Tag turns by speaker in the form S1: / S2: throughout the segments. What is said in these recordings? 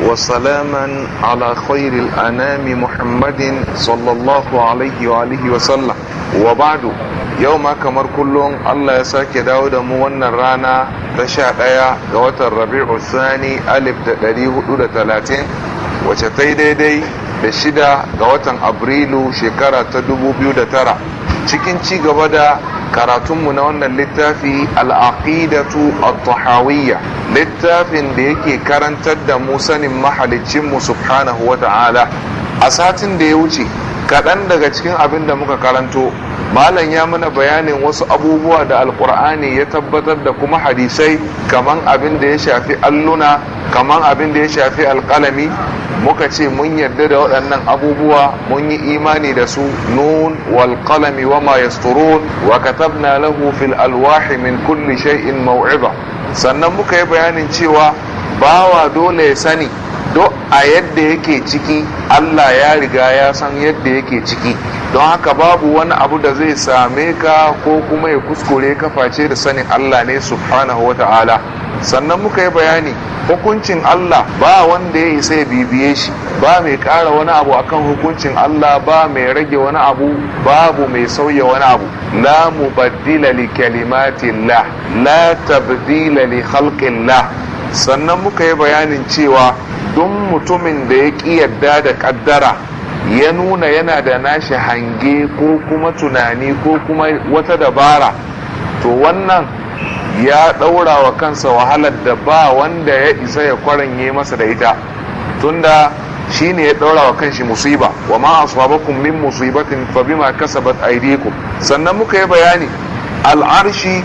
S1: Wasalaman alkhairil a Nami Muhammadin sallallahu alaihi wa alaihi wa sallam. Uba ba'adu yau ma kamar kullum Allah ya sake dawo da mu wannan rana da sha ɗaya ga watan Rabi'u Sani alif da ɗari huɗu da talatin wace tai daidai da shida ga watan Abirilu shekara ta dubu biyu da tara? cikin ci gaba da karatunmu na wannan littafi al'aqidatu at-tahawiyya littafin da yake karantar da mu sanin mahaliccinmu subhanahu wa ta'ala a satin da ya wuce kaɗan daga cikin abin da muka karanto malam ya mana bayanin wasu abubuwa da alkur'ani ya tabbatar da kuma hadisai kaman abin da ya shafi alluna kaman abin da ya shafi alkalami muka ce mun yarda da waɗannan abubuwa mun yi imani da su nun wal wa ma yasturun wa katabna lahu fil alwahi min kulli shay'in maw'iza sannan muka yi bayanin cewa bawa dole ya sani duk a yadda yake ciki Allah ya riga ya san yadda yake ciki don haka babu wani abu da zai same ka ko kuma ya kuskure ka face da sanin Allah ne subhanahu wa ta'ala sannan muka yi bayani hukuncin Allah ba wanda ya isa ya bibiye shi ba mai ƙara wani abu akan hukuncin Allah ba mai rage wani abu babu mai sauya wani abu la mubaddila li kalimatillah la tabdila li khalqillah sannan muka yi bayanin cewa don mutumin da ya ƙi yadda da ƙaddara ya nuna yana da nashi hange ko kuma tunani ko kuma wata dabara to wannan ya ɗaura wa kansa wahalar da ba wanda ya isa ya kwaranye masa da ita tunda shi ne ya ɗaura wa kanshi musiba wa ma asabakum min musibatin fa bima kasabat aydikum sannan muka yi bayani al'arshi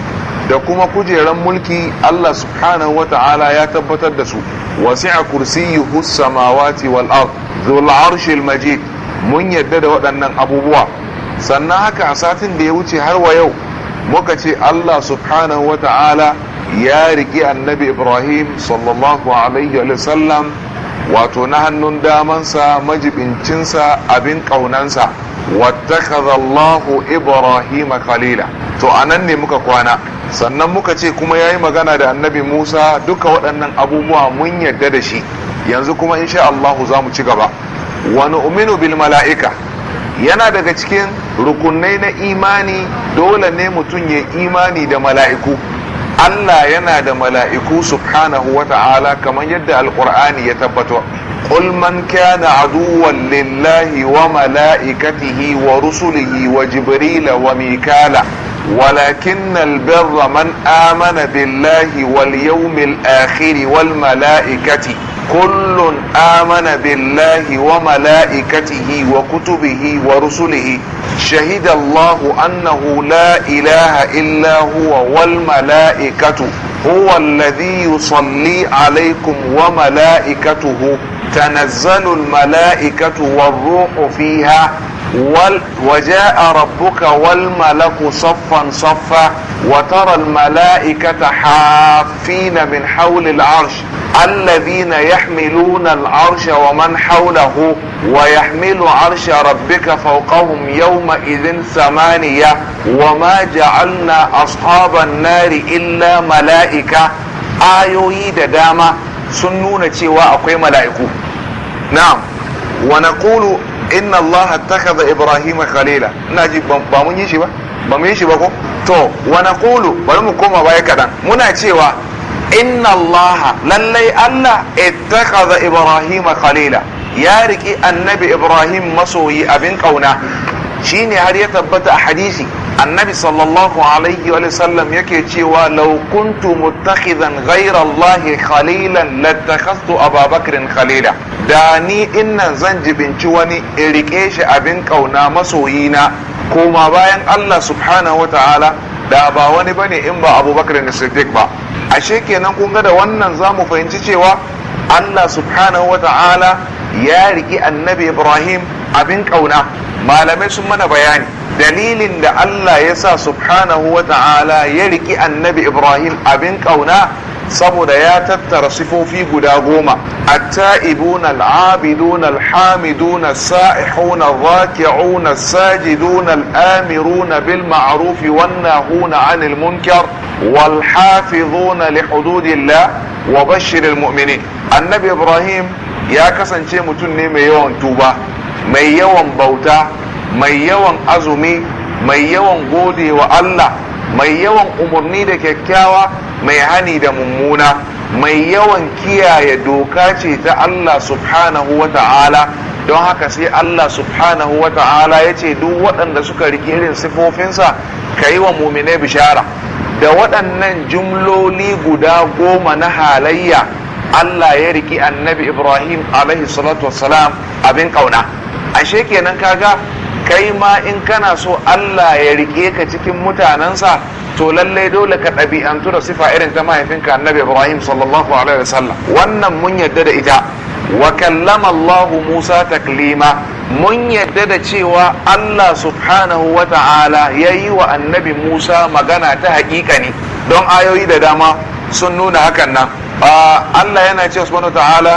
S1: da kuma kujeran mulki Allah subhanahu wa ta'ala ya tabbatar da su wasi'a kursiyyuhu samawati wal ard arshil majid mun yadda da waɗannan abubuwa sannan haka a satin da ya wuce har wa yau muka ce Allah subhanahu wa ta'ala ya riƙi annabi Ibrahim sallallahu alaihi wa sallam wato na hannun damansa majibincinsa abin ƙaunansa wattakaza ibrahima Ibrahim khalila to anan ne muka kwana sannan muka ce kuma yayi magana da annabi Musa duka waɗannan abubuwa mun yadda da shi yanzu kuma insha Allahu za mu ci gaba Wani uminu bil mala'ika yana daga cikin rukunai na imani dole ne mutum ya imani da mala'iku Allah yana da mala'iku subhanahu wa ta'ala kamar yadda alƙur'ani ya tabbato قل من كان عدوا لله وملائكته ورسله وجبريل وميكال ولكن البر من آمن بالله واليوم الآخر والملائكة كل آمن بالله وملائكته وكتبه ورسله شهد الله أنه لا إله إلا هو والملائكة هو الذي يصلي عليكم وملائكته تنزل الملائكة والروح فيها وجاء ربك والملك صفا صفا وترى الملائكة حافين من حول العرش الذين يحملون العرش ومن حوله ويحمل عرش ربك فوقهم يومئذ ثمانية وما جعلنا أصحاب النار إلا ملائكة آيوي دداما سنونة وأقوي ملائكو نعم ونقول إن الله اتخذ إبراهيم خليلا نجيب بامون يشي با بامون يشي با تو ونقول بلو مكوما بايكا منا تشيوا inna allaha lallai allah ittakhadha ibrahima khalila ya riki annabi ibrahim masoyi abin kauna shine har ya tabbata a hadisi annabi sallallahu alaihi wa sallam yake cewa law kuntu muttakhidan ghayra allahi khalilan lattakhadtu ababakrin khalila da ni innan zan jibinci wani in rike shi abin kauna masoyina koma bayan allah subhanahu wa ta'ala da ba wani bane in ba abubakar da siddiq ba ashe kenan kun ga da wannan za mu fahimci cewa allah subhanahu wa ta'ala ya riki annabi ibrahim abin kauna malamai sun mana bayani dalilin da allah ya sa subhanahu wa ta'ala ya riki annabi ibrahim abin kauna saboda ya tattara sifofi guda goma at-ta'ibuna al-'abiduna al-hamiduna as-sa'ihuna ar-raki'una as-sajiduna al-amiruna bil-ma'ruf wan-nahuna 'anil munkar wal-hafizuna li hududillah wa bashir al-mu'minin annabi ibrahim ya kasance mutum ne mai yawan tuba mai yawan bauta mai yawan azumi mai yawan gode wa Allah mai yawan umarni da kyakkyawa mai hani da mummuna mai yawan kiyaye doka ce ta Allah subhanahu wa ta'ala don haka sai Allah subhanahu wa ta'ala ya ce duk waɗanda suka riƙe irin sifofinsa ka yi wa mumine bishara da waɗannan jumloli guda goma na halayya Allah ya riƙi annabi Ibrahim alaihi abin ƙauna ashe kenan kaga kai ma in kana so Allah ya rike ka cikin mutanensa to lallai dole ka ɗabi'antu da sifa irin ta mahaifinka annabi Ibrahim sallallahu alaihi wasallam wannan mun yadda da ita wa kallama Allah Musa taklima mun yadda da cewa Allah subhanahu wa ta'ala ya yi wa annabi Musa magana ta haƙiƙa ne don ayoyi da dama sun nuna hakan nan ah, Allah yana ce subhanahu wa ta'ala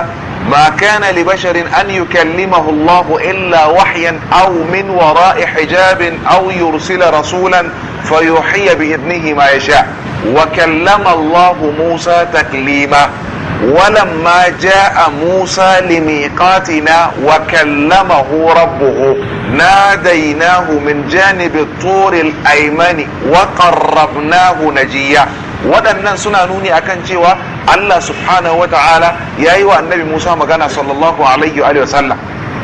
S1: ما كان لبشر ان يكلمه الله الا وحيا او من وراء حجاب او يرسل رسولا فيوحي باذنه ما يشاء وكلم الله موسى تكليما ولما جاء موسى لميقاتنا وكلمه ربه ناديناه من جانب الطور الايمن وقربناه نجيا waɗannan suna nuni akan cewa Allah subhanahu wa ta'ala ya yi wa annabi Musa magana sallallahu alaihi wa sallam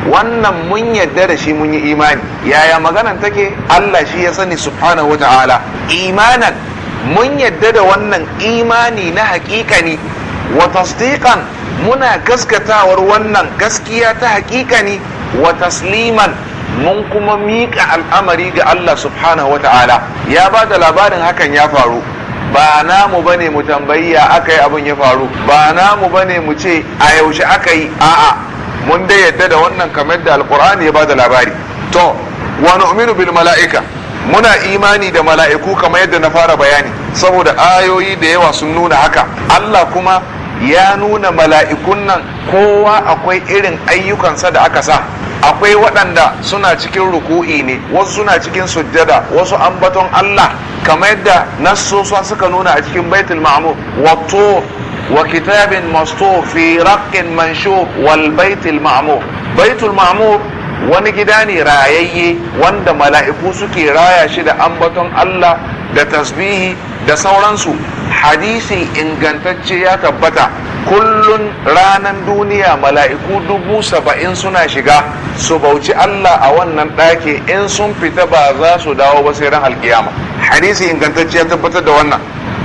S1: wannan mun yadda da shi mun yi imani yaya maganan take Allah shi ya sani subhanahu wa ta'ala imanan mun yadda da wannan imani na ne. wa tasdiqan muna gaskatawar wannan gaskiya ta ne. wa tasliman mun kuma miƙa al'amari ga Allah subhanahu wa ta'ala ya ba da labarin hakan ya faru ba namu bane mu tambayi ya aka yi abin ya faru ba namu bane mu ce a yaushe aka yi a'a mun dai yadda da wannan kamar da alqur'ani ya bada labari to wa nu'minu bil mala'ika muna imani da mala'iku kamar yadda na fara bayani saboda ayoyi da yawa sun nuna haka Allah kuma ya nuna mala'ikun nan kowa akwai irin ayyukansa da aka sa akwai waɗanda suna cikin ruku'i ne wasu suna cikin sujjada wasu ambaton Allah kamar yadda nassosa suka nuna a cikin baitul ma'mur wato wa kitabin masto fi raqqin manshu wal baitul ma'mur baitul ma'mur wani gida ne rayayye wanda mala'iku suke raya shi da ambaton Allah da tasbihi da sauransu hadisi ingantacce ya tabbata kullun ranan duniya mala'iku dubu saba'in suna shiga su bauci Allah a wannan ɗaki in sun fita ba za su dawo ba sai ran alkiyama hadisi ingantacce ya tabbatar da wannan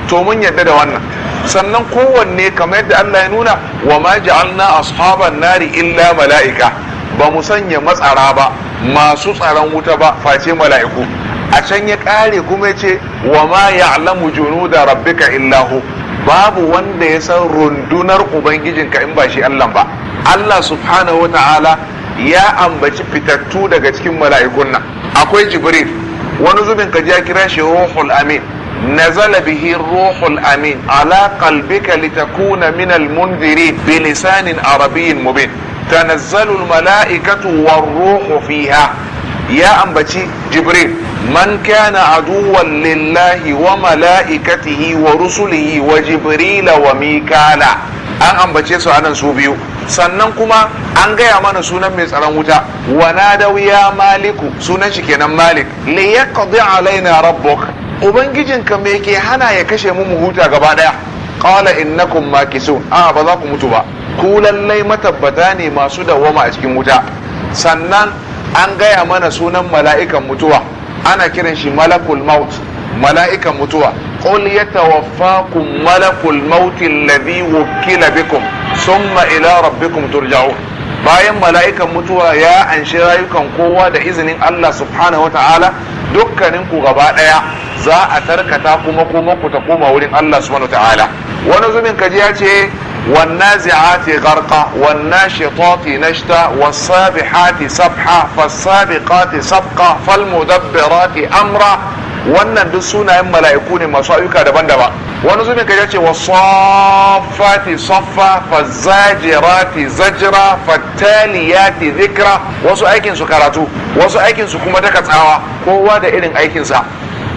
S1: to mun yadda da wannan sannan kowanne kamar yadda Allah ya nuna wa ma ja'alna ashaban nari illa mala'ika ba mu sanya matsara ba masu tsaron wuta ba face mala'iku a can ya kare kuma ce wa ma ya'lamu junuda rabbika illahu babu wanda ya san rundunar ubangijinka in ba shi Allah ba Allah subhanahu wata'ala ya ambaci fitattu daga cikin mala'ikun nan akwai jibril wani zubin ka a kiran shi ruhul amin nazala bihi ruhul amin ala qalbika litakuna min almunzirin bi lisanin arabiyyin mubin tanazzalu almala'ikatu warruhu fiha ya ambaci jibril من كان عدوا لله وملائكته ورسله وجبريل Mikala. an ambace su anan su biyu sannan kuma an gaya mana sunan mai tsaron wuta wana da ya maliku sunan shi kenan malik li yaqdi alaina rabbuk ubangijinka me ke hana ya kashe mu mu huta gaba daya qala innakum makisun a ba za ku mutu ba ku lallai matabbata ne masu dawama a cikin wuta sannan an gaya mana sunan mala'ikan mutuwa ana kiran shi malakul maut mala'ikan mutuwa qul yatawaffakum malakul maut alladhi wukila bikum summa ila rabbikum turja'un bayan mala'ikan mutuwa ya anshi rayukan kowa da izinin Allah subhanahu wata'ala dukkanin ku gaba daya za a tarkata kuma kuma ku ta koma wurin Allah subhanahu wata'ala wani zumin kaji ya ce والنازعات غرقا والناشطات نشطا والسابحات سبحا فالسابقات سبقا فالمدبرات amra. wannan duk sunayen mala'iku ne masu ayyuka daban-daban wani zumin ka ce wa saffati saffa fazajirati zajra fattaliyati zikra wasu aikinsu karatu wasu aikinsu kuma daka tsawa kowa da irin aikinsa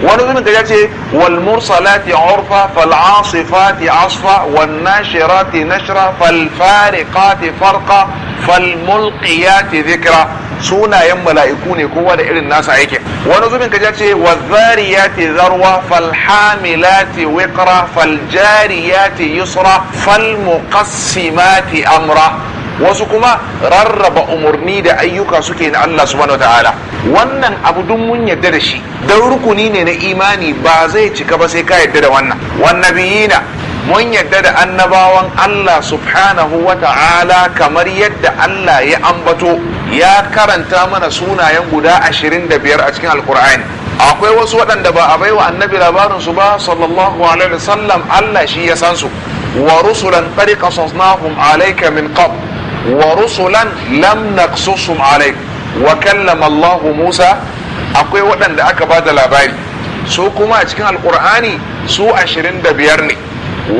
S1: wani zubin ka ce wal mursalati urfa fal asifati asfa wan nashirati nashra fal fariqati farqa fal mulqiyati dhikra sunayen mala'iku ne kowa da irin nasa aiki. wani zumin ka ce wazariyati zarwa fal hamilati wiqra fal jariyati yusra fal muqassimati amra wasu kuma rarraba umarni da ayyuka suke na Allah subhanahu wataala wannan abu duk mun yadda da shi dan rukuni ne na imani ba zai cika ba sai ka yadda da wannan wannabiyina mun yadda da annabawan Allah subhanahu wa ta'ala kamar yadda Allah ya ambato ya karanta mana sunayen guda ashirin da biyar a cikin alkur'ani akwai wasu waɗanda ba a baiwa annabi su ba sallallahu alaihi wasallam Allah shi ya san su wa rusulan qad qasasnahum alayka min qabl ورسلا لم نقصصهم عليك وكلم الله موسى akwai waɗanda aka ba da labari su kuma a cikin alkur'ani su ashirin da biyar ne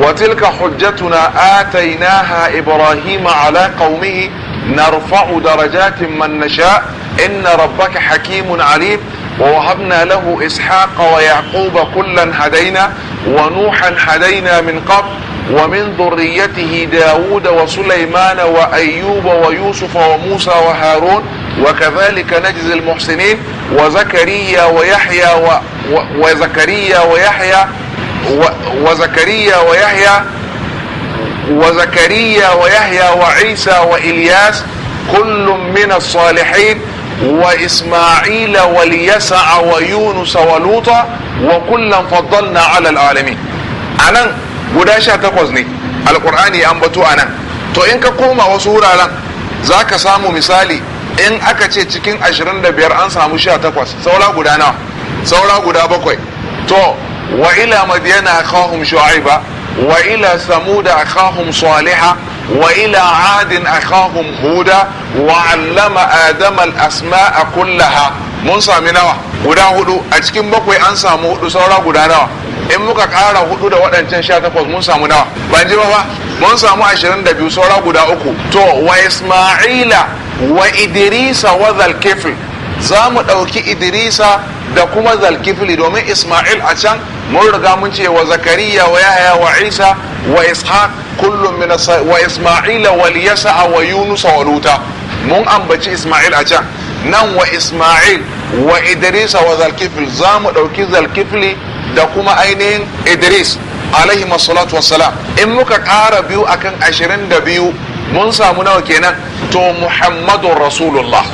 S1: watilka hujjatuna atainaha ibrahim ala qaumihi narfa'u darajatin man nasha inna rabbaka hakimun alim wa wahabna lahu ishaqa wa yaquba kullan كلا wa ونوحا هدينا min qabl ومن ذريته داود وسليمان وأيوب ويوسف وموسى وهارون وكذلك نجزي المحسنين وزكريا ويحيى و... و... وزكريا ويحيى و... وزكريا ويحيى وزكريا ويحيى وعيسى وإلياس كل من الصالحين وإسماعيل وليسع ويونس ولوطا وكلا فضلنا على العالمين. أنا guda sha takwas ne alkur'ani an bato a nan to in ka koma wasu wuraren za ka samu misali in aka ce cikin ashirin da biyar an samu sha takwas saura guda nawa saura guda bakwai to wa ila madiyana akhahum shu'aiba wa ila samuda akhahum saliha wa ila adin akhahum huda wa allama adama al-asma'a kullaha mun sami nawa guda hudu a cikin bakwai an samu hudu saura guda nawa in muka kara hudu da waɗancan sha takwas mun samu nawa ban ji ba mun samu ashirin da biyu saura guda uku to wa isma'ila wa idrisa wa zalkifli za mu ɗauki idrisa da kuma zalkifli domin isma'il a can mun riga mun ce wa zakariya wa yahaya wa isa wa ishaq kullum min wa isma'ila wal a wa yunusa wa luta mun ambaci isma'il a can nan wa isma'il wa idrisa wa zalkifli za mu ɗauki zalkifli. da kuma ainihin idris alaihi masalatu wassalam in muka ƙara biyu akan ashirin da biyu mun samu nawa kenan to muhammadun rasulullah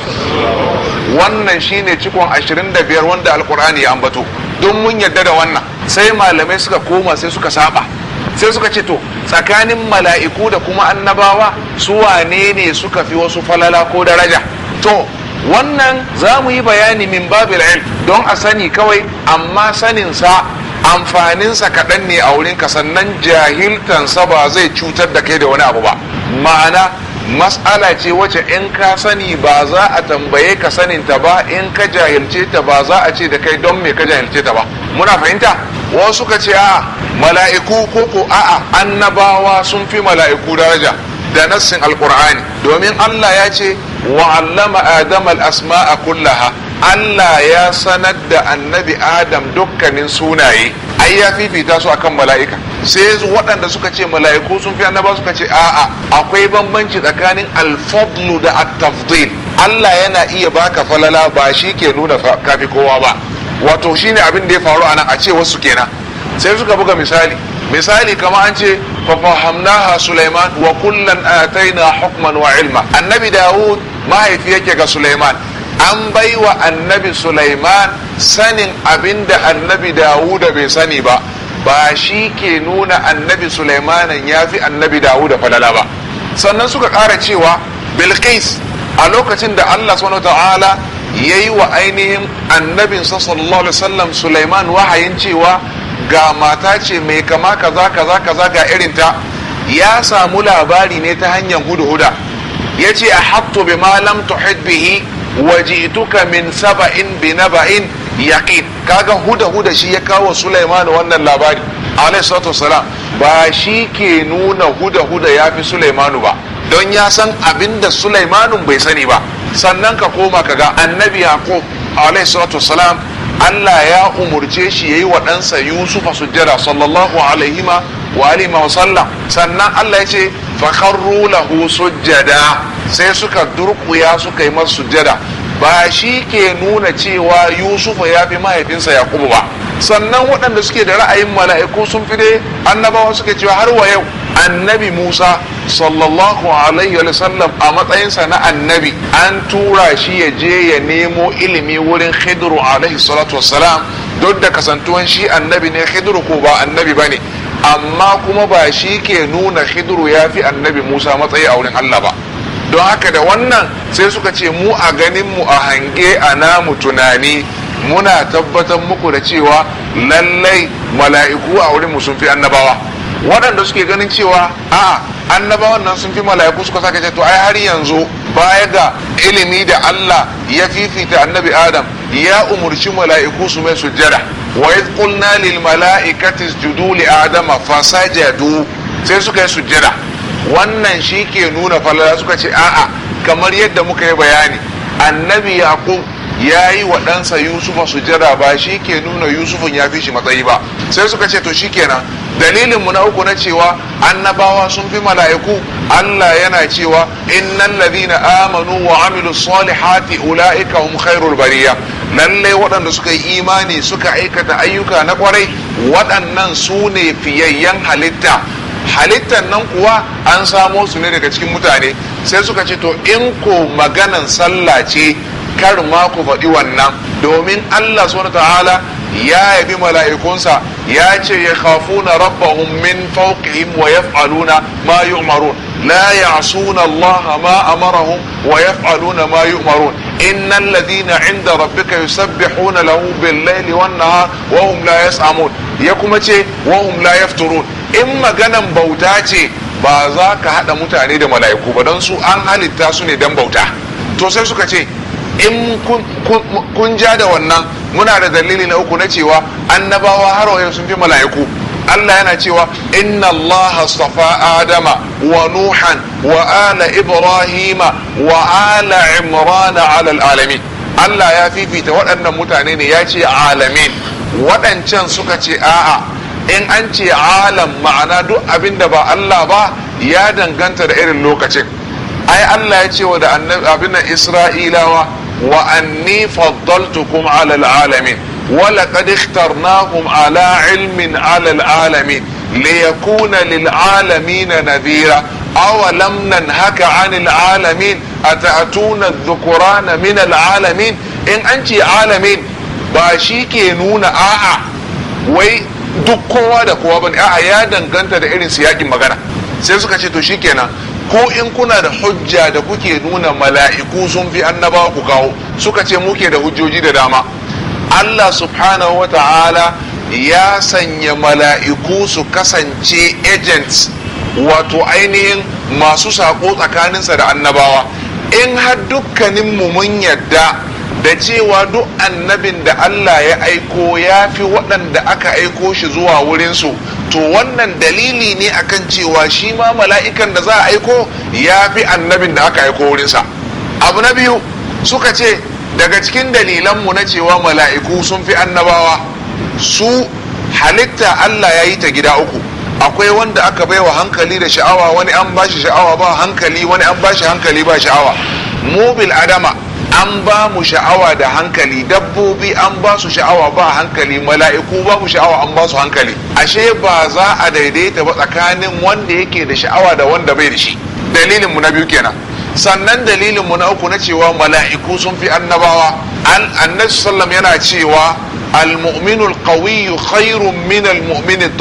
S1: wannan shine cikon ashirin da biyar wanda alkur'ani ya ambato don mun yadda da wannan sai malamai suka koma sai suka saba sai suka ce to tsakanin mala'iku da kuma annabawa su wane ne suka fi wasu falala ko daraja to wannan za mu yi bayani min babil ilm don a sani kawai amma saninsa amfaninsa kaɗan ne a wurinka sannan jahiltansa ba zai cutar da kai da wani abu ba ma'ana mas'ala ce wacce in ka sani ba za a tambaye ka saninta ba in ka jahilce ta ba za a ce da kai don me ka jahilce ta ba muna fahimta wasu suka ce a mala'iku ko ko a'a annabawa sun fi mala'iku daraja da nassin alkur'ani domin allah ya ce wa'allama adama al'asma'a kullaha Allah ya sanar da annabi Adam dukkanin sunaye Aya ya fifita su akan mala'ika sai waɗanda suka ce mala'iku sun fi annaba suka ce a'a akwai bambanci tsakanin alfablu da at Allah yana iya baka falala ba shi ke nuna kafi kowa ba wato shine abin da ya faru anan a ce wasu kenan sai suka buga misali misali kama an ce fafahamnaha Sulaiman wa kullan ataina hukman wa ilma annabi Dawud mahaifi yake ga Suleiman an bai wa annabi Suleiman sanin abin da annabi Dawuda bai sani ba ba shi ke nuna annabi Suleiman ya fi annabi Dawuda falala ba sannan suka ƙara cewa Bilkis a lokacin da Allah subhanahu ta'ala ya yi wa ainihin annabin sallallahu alaihi wasallam Suleiman wahayin cewa ga mata ce mai kama kaza kaza kaza ga irinta ya samu labari ne ta hanyar hudu huda Ya ce yace ahattu malam lam tuhit bihi waji'tuka min saba'in bi naba'in yaqin kaga huda huda shi ya kawo Sulaiman wannan labari alayhi salatu wasalam ba shi ke nuna huda huda ya fi Sulaimanu ba don ya san abinda Sulaimanun bai sani ba sannan ka koma kaga annabi Yaqub alayhi salatu wasalam Allah ya umurce shi yayi wa ɗansa Yusufa sujjada sallallahu alaihi wa alihi wa sallam sannan Allah ya ce fakharru lahu sujjada sai suka durkuya suka yi masu sujjada ba shi ke nuna cewa yusufu ya fi mahaifinsa yakubu ba sannan waɗanda suke da ra'ayin mala'iku sun fi dai annabawa suke cewa har wa yau annabi musa sallallahu alaihi wa sallam a matsayinsa na annabi an tura shi ya je ya nemo ilimi wurin khidru alaihi salatu wassalam duk da kasantuwan shi annabi ne khidru ko ba annabi ba ne amma kuma ba shi ke nuna hidru ya fi annabi musa matsayi a wurin allah ba don haka da wannan sai suka ce mu a ganin mu a hange a namu tunani muna tabbatar muku da cewa lallai mala'iku a wurin mu sun fi annabawa waɗanda suke ganin cewa a annabawan nan sun fi mala'iku suka sake ce to ai har yanzu baya ga ilimi da Allah ya fifita annabi Adam ya umurci mala'iku su mai sujjada wa idh qulna lil mala'ikati isjudu li sai suka yi wannan shi ke nuna falala suka ce a'a kamar yadda muka yi bayani annabi yaqub ya yi wa ɗansa yusufa sujada ba shi ke nuna yusufun ya fi shi matsayi ba sai suka ce to shikenan dalilin mu na uku na cewa annabawa sun fi mala'iku Allah yana cewa innal ladina amanu wa amilu salihati ulaika hum khairul bariya lallai waɗanda suka yi imani suka aikata ayyuka na kwarai waɗannan su ne fiyayyen halitta halittan nan kuwa an samo su ne daga cikin mutane sai suka ce to in ko maganan sallah ce kar ma ku faɗi wannan domin allah subhanahu ta'ala ya yabi mala'ikunsa ya ce ya na rabbahum min fawqihim wa yaf'aluna ma yu'marun la ya'suna allaha ma amarahum wa yaf'aluna ma yu'marun إن الذين عند ربك يسبحون له بالليل والنهار وهم لا يسأمون يكما وهم لا يفترون إما غنم بوتاتي ba za ka haɗa mutane da mala'iku ba don su an halitta su ne dan bauta to sai suka ce in kun ja da wannan muna da dalili na uku na cewa annabawa har sun fi mala'iku Allah yana cewa inna Allah safa Adama wa Nuhan wa ala ibrahim wa ala Imran ala alamin Allah ya fifita waɗannan mutane ne ya ce alamin waɗancan suka ce a'a in an ce alam ma'ana duk abin da ba Allah ba ya danganta da irin lokacin ai Allah ya ce wa da abin Isra'ilawa wa anni faddaltukum ala alamin wala kadi tarna ala ilmin ala alalami le ya lil alalami na nadira awa lamnan haka an il alalami a ta a min al in an ce alalami ba shi ke nuna a'a wai duk kowa da kowa ba a'a ya danganta da irin siyakin magana sai suka ce to shi kenan ku in kuna da hujja da kuke nuna mala'iku sun fi annaba ku kawo suka ce muke da hujjoji da dama Allah subhanahu wa ta'ala ya sanya mala'iku su kasance agents wato ainihin masu saƙo tsakaninsa da annabawa in har dukkaninmu mun yadda da cewa duk annabin da Allah ya aiko ya fi waɗanda aka aiko shi zuwa wurinsu to wannan dalili ne akan cewa shi ma mala'ikan da za a aiko ya fi annabin da aka aiko wurinsa abu na biyu suka ce daga cikin dalilanmu na cewa mala'iku sun fi annabawa su halitta Allah ya yi ta gida uku akwai wanda aka baiwa hankali da sha'awa wani an ba shi sha'awa ba hankali wani an ba shi hankali ba sha'awa mobil adama an ba mu sha'awa da hankali dabbobi an ba su sha'awa ba hankali mala'iku ba mu sha'awa an ba su hankali ashe ba za a daidaita ba tsakanin wanda yake da sha'awa da wanda bai da shi dalilin mu na biyu kenan sannan dalilin mu na uku na cewa mala'iku sun fi annabawa annabi sallam yana cewa المؤمن kawiyyu min minal المؤمن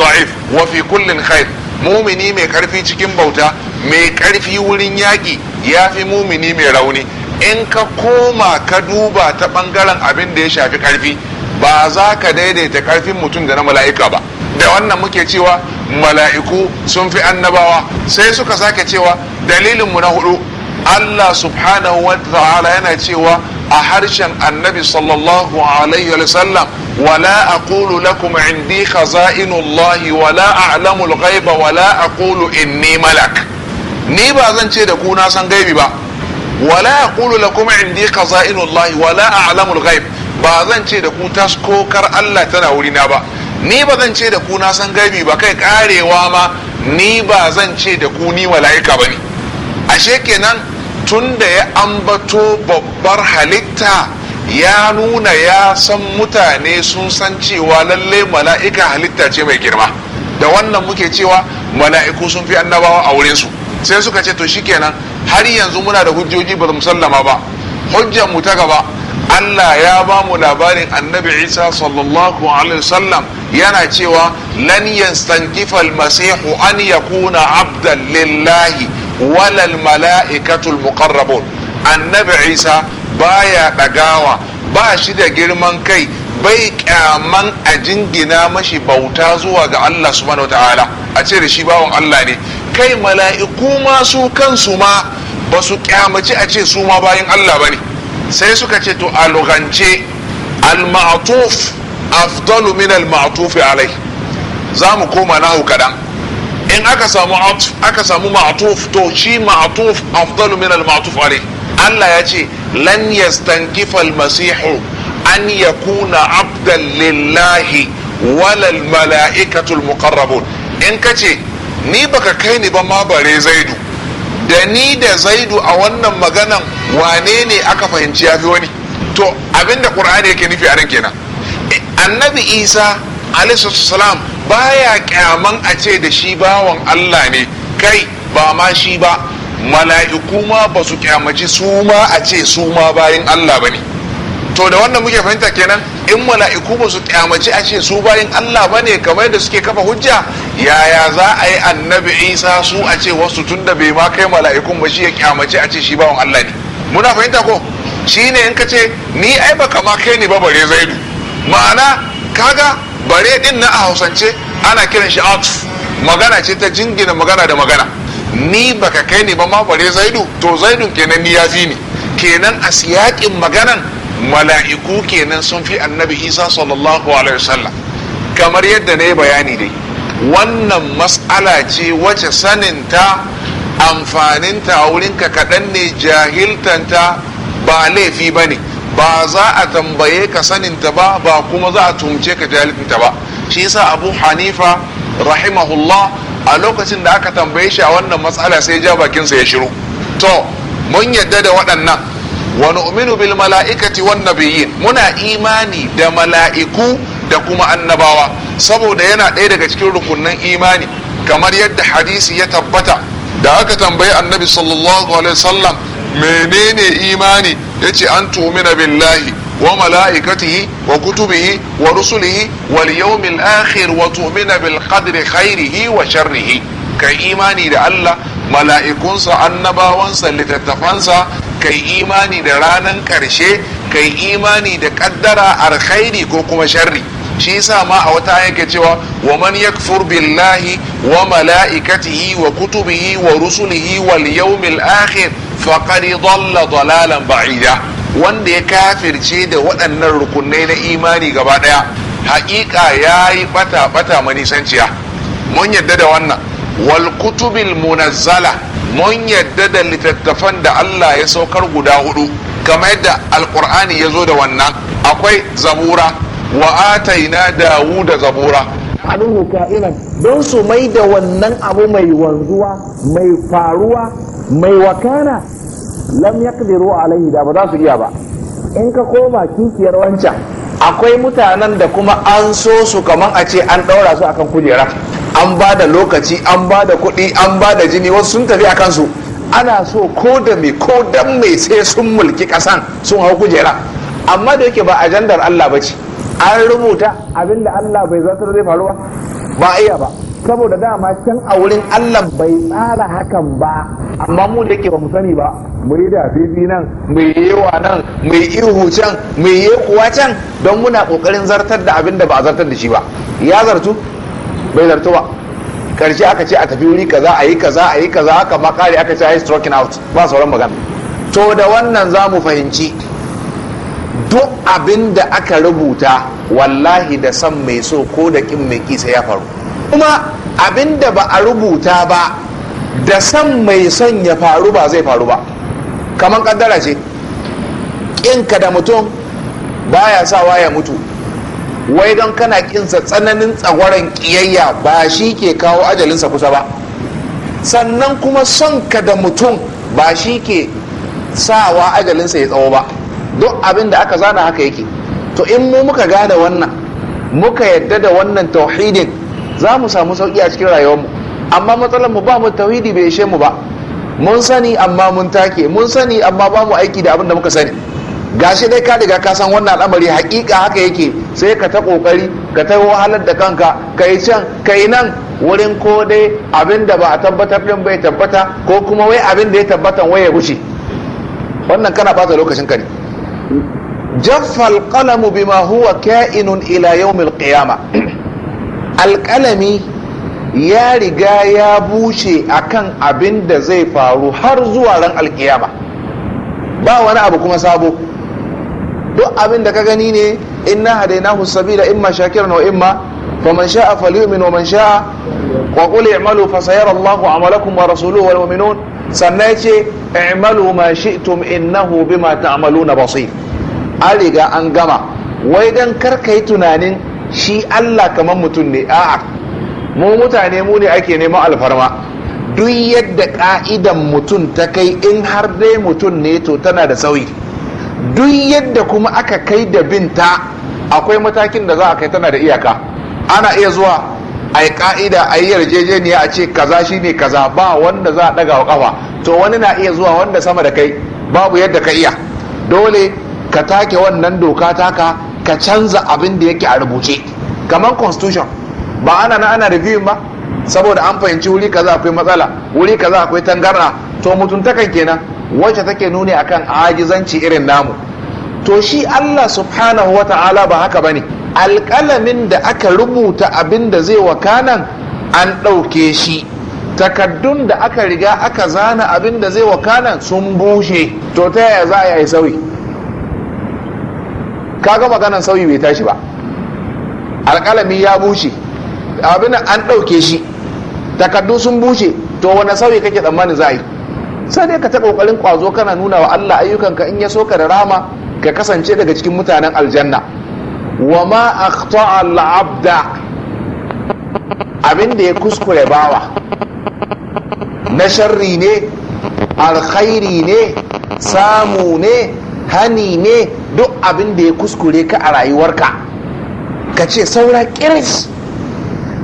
S1: wa fi كل khair mumini mai karfi cikin bauta mai karfi wurin yaki ya fi mumini mai rauni in ka koma ka duba ta ɓangaren abin da ya shafi karfi ba za ka daidaita karfin mutum da na mala'ika ba da wannan muke cewa mala'iku sun fi annabawa sai suka sake cewa dalilinmu na hudu Allah subhanahu wa ta'ala yana cewa a harshen annabi sallallahu alaihi wa sallam wala aqulu lakum indi khaza'inullahi wala a'lamu al-ghaiba wala aqulu inni malak ni ba zan ce da ku na san gaibi ba wala aqulu lakum indi khaza'inullahi wala a'lamu al-ghaib ba zan ce da ku taskokar Allah tana wurina ba ni ba zan ce da ku na san gaibi ba kai karewa ma ni ba zan ce da ku ni mala'ika bane ashe kenan tun da ya ambato babbar halitta ya nuna ya san mutane sun san cewa lalle mala'ika halitta ce mai girma da wannan muke cewa mala'iku sun fi annabawa a wurinsu sai suka ce to shikenan har yanzu muna da hujjoji ba mu sallama ba hujjar mu ta gaba Allah ya ba mu labarin annabi Isa sallallahu alaihi wasallam yana cewa lan yastankifa masihu an yakuna abdan lillahi walal mala'ikatul muqarrabun annabi isa baya ɗagawa ba shi da girman kai bai kyaman a jingina mashi bauta zuwa ga Allah subhanahu ta'ala a ce da shi bawan Allah ne kai mala'iku ma su kansu ma ba su kyamaci a ce su ma bayan Allah ba ne sai suka ce to a lugance al-ma'tuf afdalu min al alai za mu koma nahu kaɗan in aka samu atuf aka samu ma'tuf to shi ma'tuf afdalu min al-ma'tuf alayh Allah ya ce lan yastankifa al-masih an yakuna abdan lillahi wala al-mala'ikatu al-muqarrabun in kace ni baka kai ni ba ma bare zaidu da ni da zaidu a wannan maganan wane ne aka fahimci yafi wani to abinda qur'ani yake nufi a nan kenan annabi isa alaihissalam baya kyaman a ce da shi bawan Allah ne kai ba ma shi ba mala'iku ma ba su kyamaci su ma a ce su ma bayin Allah ba ne to da wannan muke fahimta kenan in mala'iku ba su kyamaci a ce su bayin Allah ba ne kamar da suke kafa hujja yaya za a yi annabi isa su a ce wasu tun da bai ma kai mala'ikun ba shi ya kyamaci a ce shi bawan Allah ne muna fahimta ko shine in ka ce ni ai ba kama kai ni ba bare zaidu ma'ana kaga bare din na a hausance ana kiran shi atf magana ce ta jingina magana da magana ni baka kai ne ba ma bare zaidu to zaidun kenan ni ya fi ni kenan a siyaƙin maganan mala'iku kenan sun fi annabi isa sallallahu alaihi wasallam kamar yadda na yi bayani dai wannan mas'ala ce wace saninta amfaninta a wurinka kaɗan ne jahiltanta ba laifi ba ne ba za a tambaye ka saninta ba ba kuma za a tumce ka jahilcinta ba shi yasa abu hanifa rahimahullah a lokacin da aka tambaye shi a wannan matsala sai ja bakinsa ya shiru to mun yadda da waɗannan wa nu'minu bil mala'ikati wan nabiyyin muna imani da mala'iku da kuma annabawa saboda yana ɗaya daga cikin rukunnan imani kamar yadda hadisi ya tabbata da aka tambayi annabi sallallahu alaihi wasallam menene imani yace an tu'mina billahi wa mala'ikatihi wa kutubihi wa rusulihi wal yawmil akhir wa tu'mina bil qadri khairihi wa sharrihi kai imani da Allah mala'ikunsa annabawansa littattafansa kai imani da ranan karshe kai imani da kaddara alkhairi ko kuma sharri shi yasa ma a wata yake cewa wa man yakfur billahi wa mala'ikatihi wa kutubihi wa rusulihi wal yawmil akhir faqad zalla dalalan ba'ida wanda ya kafirce da waɗannan rukunai na imani gaba ɗaya haƙiƙa ya yi bata bata manisanciya mun yadda da wannan wal munazzala mun yadda da littattafan da Allah ya saukar guda hudu kamar yadda Alƙur'ani ya zo da wannan akwai zabura wa ataina dawuda zabura aluhu ka'inan don su mai da wannan abu mai wanzuwa mai faruwa mai wakana lam yaqdiru alaihi da ba za su iya ba in ka koma kikiyar wancan akwai mutanen da kuma an so su kamar a ce an ɗaura su akan kujera an ba da lokaci an ba da kuɗi an ba da jini wasu sun tafi a kansu ana so ko da mai ko dan mai sai sun mulki kasan sun hau kujera amma da yake ba ajandar Allah ba ce an rubuta abinda Allah bai zartar zai faru ba ba iya ba saboda dama can a wurin Allah bai tsara hakan ba amma mu da ke ba mu sani ba mu yi da fifi nan mu yi yawa nan mu ihu can mu yi kuwa can don muna kokarin zartar da abin da ba a zartar da shi ba ya zartu bai zartu ba karshe aka ce a tafi wuri kaza a yi kaza a yi kaza haka ma kare aka ce a yi stroking out ba sauran magana to da wannan za mu fahimci duk abin da aka rubuta wallahi da san mai so ko da kin mai kisa ya faru kuma abinda ba a rubuta ba da san mai son ya faru ba zai faru ba kamar kaddara ce ƙinka da mutum baya sawa ya mutu wai don kana kinsa tsananin tsagwaron ƙiyayya ba shi ke kawo ajalinsa kusa ba sannan kuma son ka da mutum ba shi ke sawa ajalinsa ya tsawo ba duk abin da aka zana haka yake to in mu muka gane wannan muka yadda da wannan tauhidin za mu samu sauki a cikin mu. amma matsalar mu ba mu tauhidi bai ishe mu ba mun sani amma mun take mun sani amma ba mu aiki da abin da muka sani gashi dai ka riga ka san wannan al'amari haƙiƙa haka yake sai ka ta kokari ka ta wahalar da kanka ka can ka nan wurin ko dai abin da ba a tabbatar din bai tabbata ko kuma wai abin da ya tabbata wai ya wuce. wannan kana bata lokacin ka ne jaffa bima huwa ka'inun ila yawmil qiyamah alƙalami ya riga ya bushe a kan abin da zai faru har zuwa ran alƙiyama ba wani abu kuma sabo duk abin da ka gani ne in na haɗe hadainahu sabila imma in ma imma faman sha'a falyu'min wa man sha'a wa qul i'malu fa sayara Allahu amalakum wa rasuluhu wal mu'minun sannan yace i'malu ma shi'tum innahu bima ta'maluna basir an riga an gama wai dan karka yi tunanin shi Allah kamar mutum ne a'a mu mutane mu ne ake neman alfarma duk yadda ka'idan mutum ta kai in har dai mutum ne to tana da sauyi duk yadda kuma aka kai da binta akwai matakin da za a kai tana da iyaka ana iya zuwa a yi ka'ida a yi yarjejeniya a ce kaza shi ne kaza ba wanda za a daga wa kafa to wani na iya zuwa wanda sama da kai babu yadda ka iya dole ka take wannan doka taka ka canza abin da yake a rubuce kamar constitution ba ana na ana reviewing ba saboda an fahimci wuri kaza akwai matsala wuri kaza akwai tangarda to mutuntakan kenan wacce take nuni akan ajizanci irin namu to shi Allah subhanahu wa ta'ala ba haka bane alƙalamin da aka rubuta abin da zai wakanan an ɗauke shi takaddun da aka riga aka zana abin da zai wakana sun bushe to ta yaya za a yi sauyi kaga maganan sauyi bai tashi ba alƙalami ya bushe abin an ɗauke shi takardu sun bushe to wani sauyi kake tsammani za a yi sai dai ka ta ƙoƙarin ƙwazo kana nuna wa Allah ayyukanka in ya so ka da rama ka kasance daga cikin mutanen aljanna wa ma akhta'a al-abda abin da ya kuskure bawa na sharri ne alkhairi ne samu ne hani ne duk abin da ya kuskure ka a rayuwarka ka ce saura kiris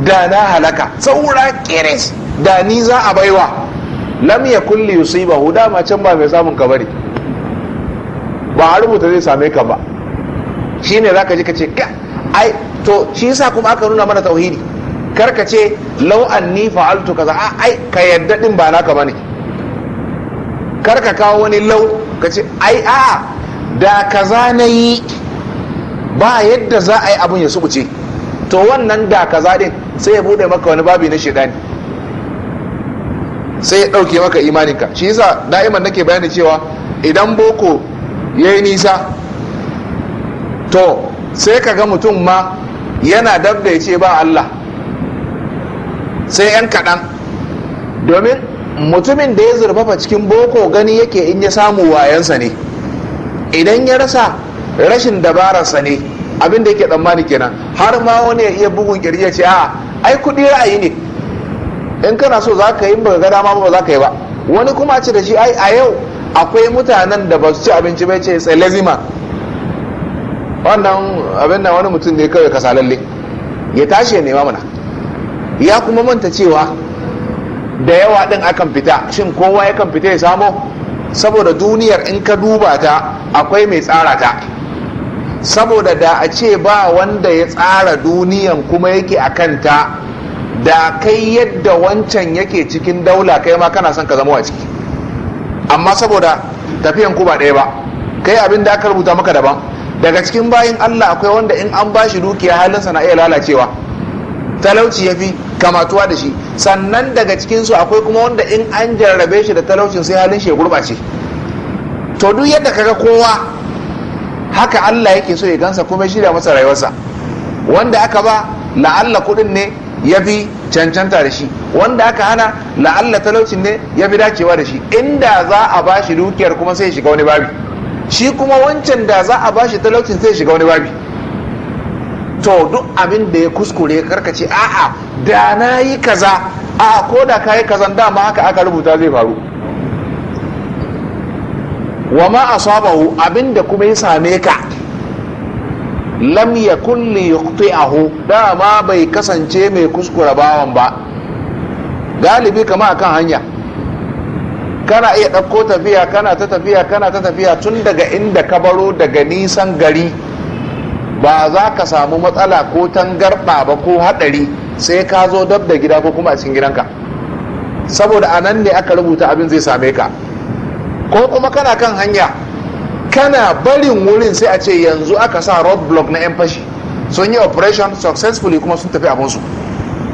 S1: da na halaka saura kiris da ni za a baiwa lam ya kulli huda dama can ba mai samun kabari ba a rubuta zai same ka ba shine zaka ji ka ce ka ai to shi yasa kuma aka nuna mana tauhidi kar ka ce law anni fa'altu kaza a ai ka yadda din ba naka bane kar ka kawo wani lau ka ce ai a da kaza na yi ba yadda za a yi abun ya subuce to wannan da kaza din sai ya buɗe maka wani babi na ne. sai ya ɗauke maka imaninka shi yasa da'iman nake bayani cewa idan boko ya yi nisa to sai ka ga mutum ma yana dab da ya ce ba Allah sai 'yan kaɗan domin mutumin da ya zurfafa cikin boko gani yake in ya samu wayansa ne idan ya rasa rashin dabararsa ne abin da yake tsammani kenan har ma wani ya iya bugun kirji ce a ai kuɗi ra'ayi ne in kana so za ka yi ba ga dama ba za ka yi ba wani kuma ce da shi ai a yau akwai mutanen da ba su ci abinci ba ce tsalazima wannan abin nan wani mutum ne kawai kasalalle ya tashi ya nema mana ya kuma manta cewa da yawa ɗin akan fita shin kowa yakan fita ya samo saboda duniyar in ka duba ta akwai mai tsara ta saboda da a ce ba wanda ya tsara duniyan kuma yake a kanta da kai yadda wancan yake cikin daula kai ma kana son ka zama a ciki amma saboda tafiyan ku ba ɗaya ba kai abin da aka rubuta maka daban daga cikin bayin allah akwai wanda in an ba shi dukiya halinsa na iya lalacewa talauci ya fi kamatuwa da shi sannan daga cikinsu akwai kuma wanda in an jarrabe shi da talaucin sai halin shi ya gurɓace to duk yadda kaga kowa haka allah yake so ya gansa kuma da masa rayuwarsa wanda aka ba la'alla kuɗin ne ya fi cancanta da shi wanda aka hana la'alla talaucin ne ya fi dacewa da shi inda za a ba shi dukiyar kuma sai ya shiga wani babi shi kuma wancan da za a ba shi talaucin sai ya shiga wani babi to duk abin da ya kuskure karka karkace a'a da na yi kaza a ko da ka yi kazan dama haka aka rubuta zai faru wa ma asabahu abin da kuma ya same ka lam yakun a yuqti'ahu dama bai kasance mai kuskura bawan ba galibi kama akan hanya kana iya ɗauko tafiya kana ta tafiya kana ta tafiya tun daga inda ka baro daga nisan gari ba za ka samu matsala ko tangarɗa ba ko haɗari sai ka zo dab da gida ko kuma a cikin gidanka saboda a nan ne aka rubuta abin zai same ka ko kuma kana kan hanya kana barin wurin sai a ce yanzu aka sa roadblock na 'yan fashi sun yi operation successfully kuma sun tafi abinsu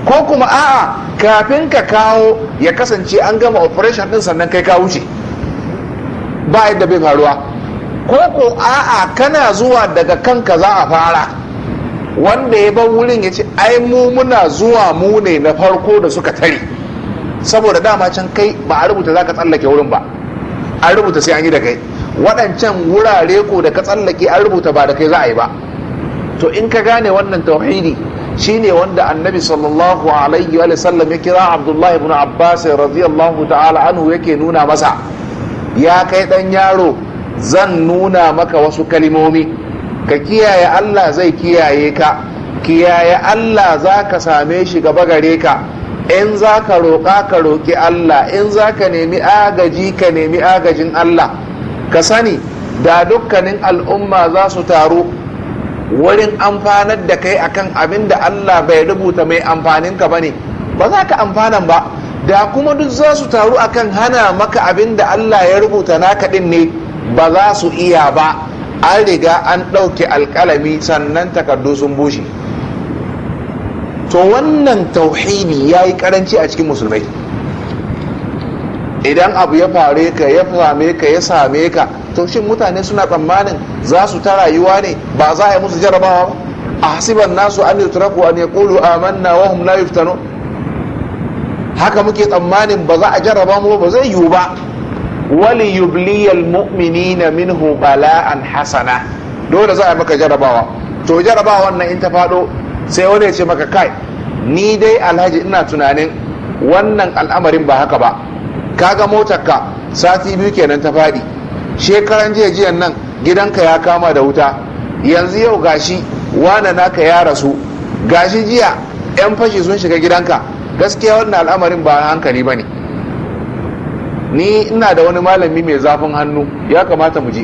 S1: ko kuma a'a kafin ka kawo ya kasance an gama operation din sannan kai ka wuce ba yadda bai faruwa Koko. ko a'a kana zuwa daga kanka za a fara wanda ya bar wurin ya ce ai mu muna zuwa mu ne na farko da suka tare saboda dama can kai ba a rubuta za ka tsallake wurin ba an rubuta sai an yi da kai waɗancan wurare ko da ka tsallake an rubuta ba da kai za a yi ba to in ka gane wannan tauhidi shine wanda annabi sallallahu alaihi wa sallam ya kira abdullahi ibn abbas radiyallahu ta'ala anhu yake nuna masa ya kai dan yaro zan nuna maka wasu kalimomi ka kiyaye Allah zai kiyaye ka kiyaye Allah za ka same shi gaba gare ka in za ka roƙa ka roƙi Allah in za ka nemi agaji ka nemi agajin Allah ka sani da dukkanin al'umma za su taru wurin amfanar da kai akan abin da Allah bai rubuta mai amfanin ka bane ba za ka amfanan ba da kuma duk za su taru akan hana maka abin da Allah ya rubuta naka din ne ba za su iya ba an riga an ɗauke alƙalami sannan takardu sun bushe to wannan tauhidi ya yi karanci a cikin musulmai idan abu ya fare ka ya same ka ya same ka to shin mutane suna tsammanin za su ta rayuwa ne ba za a yi musu jarabawa ba a hasiban nasu an yutraku an yaqulu amanna wa hum la yuftanu haka muke tsammanin ba za a jarraba mu ba zai yiwu ba wali yubliyal mu'minina minhu bala'an hasana dole za a maka jarabawa to jarabawa wannan in ta faɗo sai wani ya ce maka kai ni dai alhaji ina tunanin wannan al'amarin ba haka ba kaga motarka sati biyu kenan ta faɗi shekaran jiya jiyan nan gidanka ya kama da wuta yanzu yau gashi wane naka ya rasu gashi jiya 'yan fashi sun shiga gidanka gaskiya wannan al'amarin ba hankali ba ne ni ina da wani malami mai zafin hannu ya kamata mu je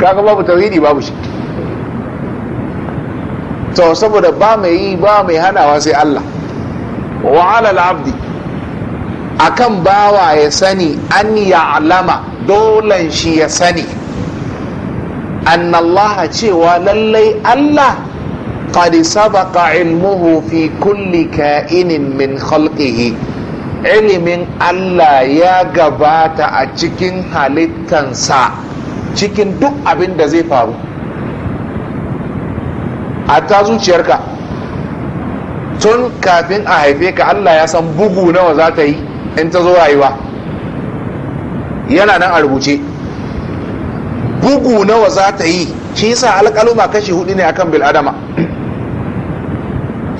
S1: kaga babu tauhidi babu shi to saboda ba mai yi ba mai hanawa sai Allah wa alal abdi akan bawa ya sani an ya alama dolan shi ya sani annallaha cewa lallai Allah qad sabaqa ilmuhu fi kulli ka'inin min khalqihi ilimin Allah ya gabata a cikin halittansa cikin duk abin da zai faru a ta zuciyarka tun kafin a haife ka Allah ya san bugu nawa za ta yi in ta zo rayuwa yana nan a rubuce bugu nawa za ta yi shi yasa alƙaluma kashi hudu ne akan bil'adama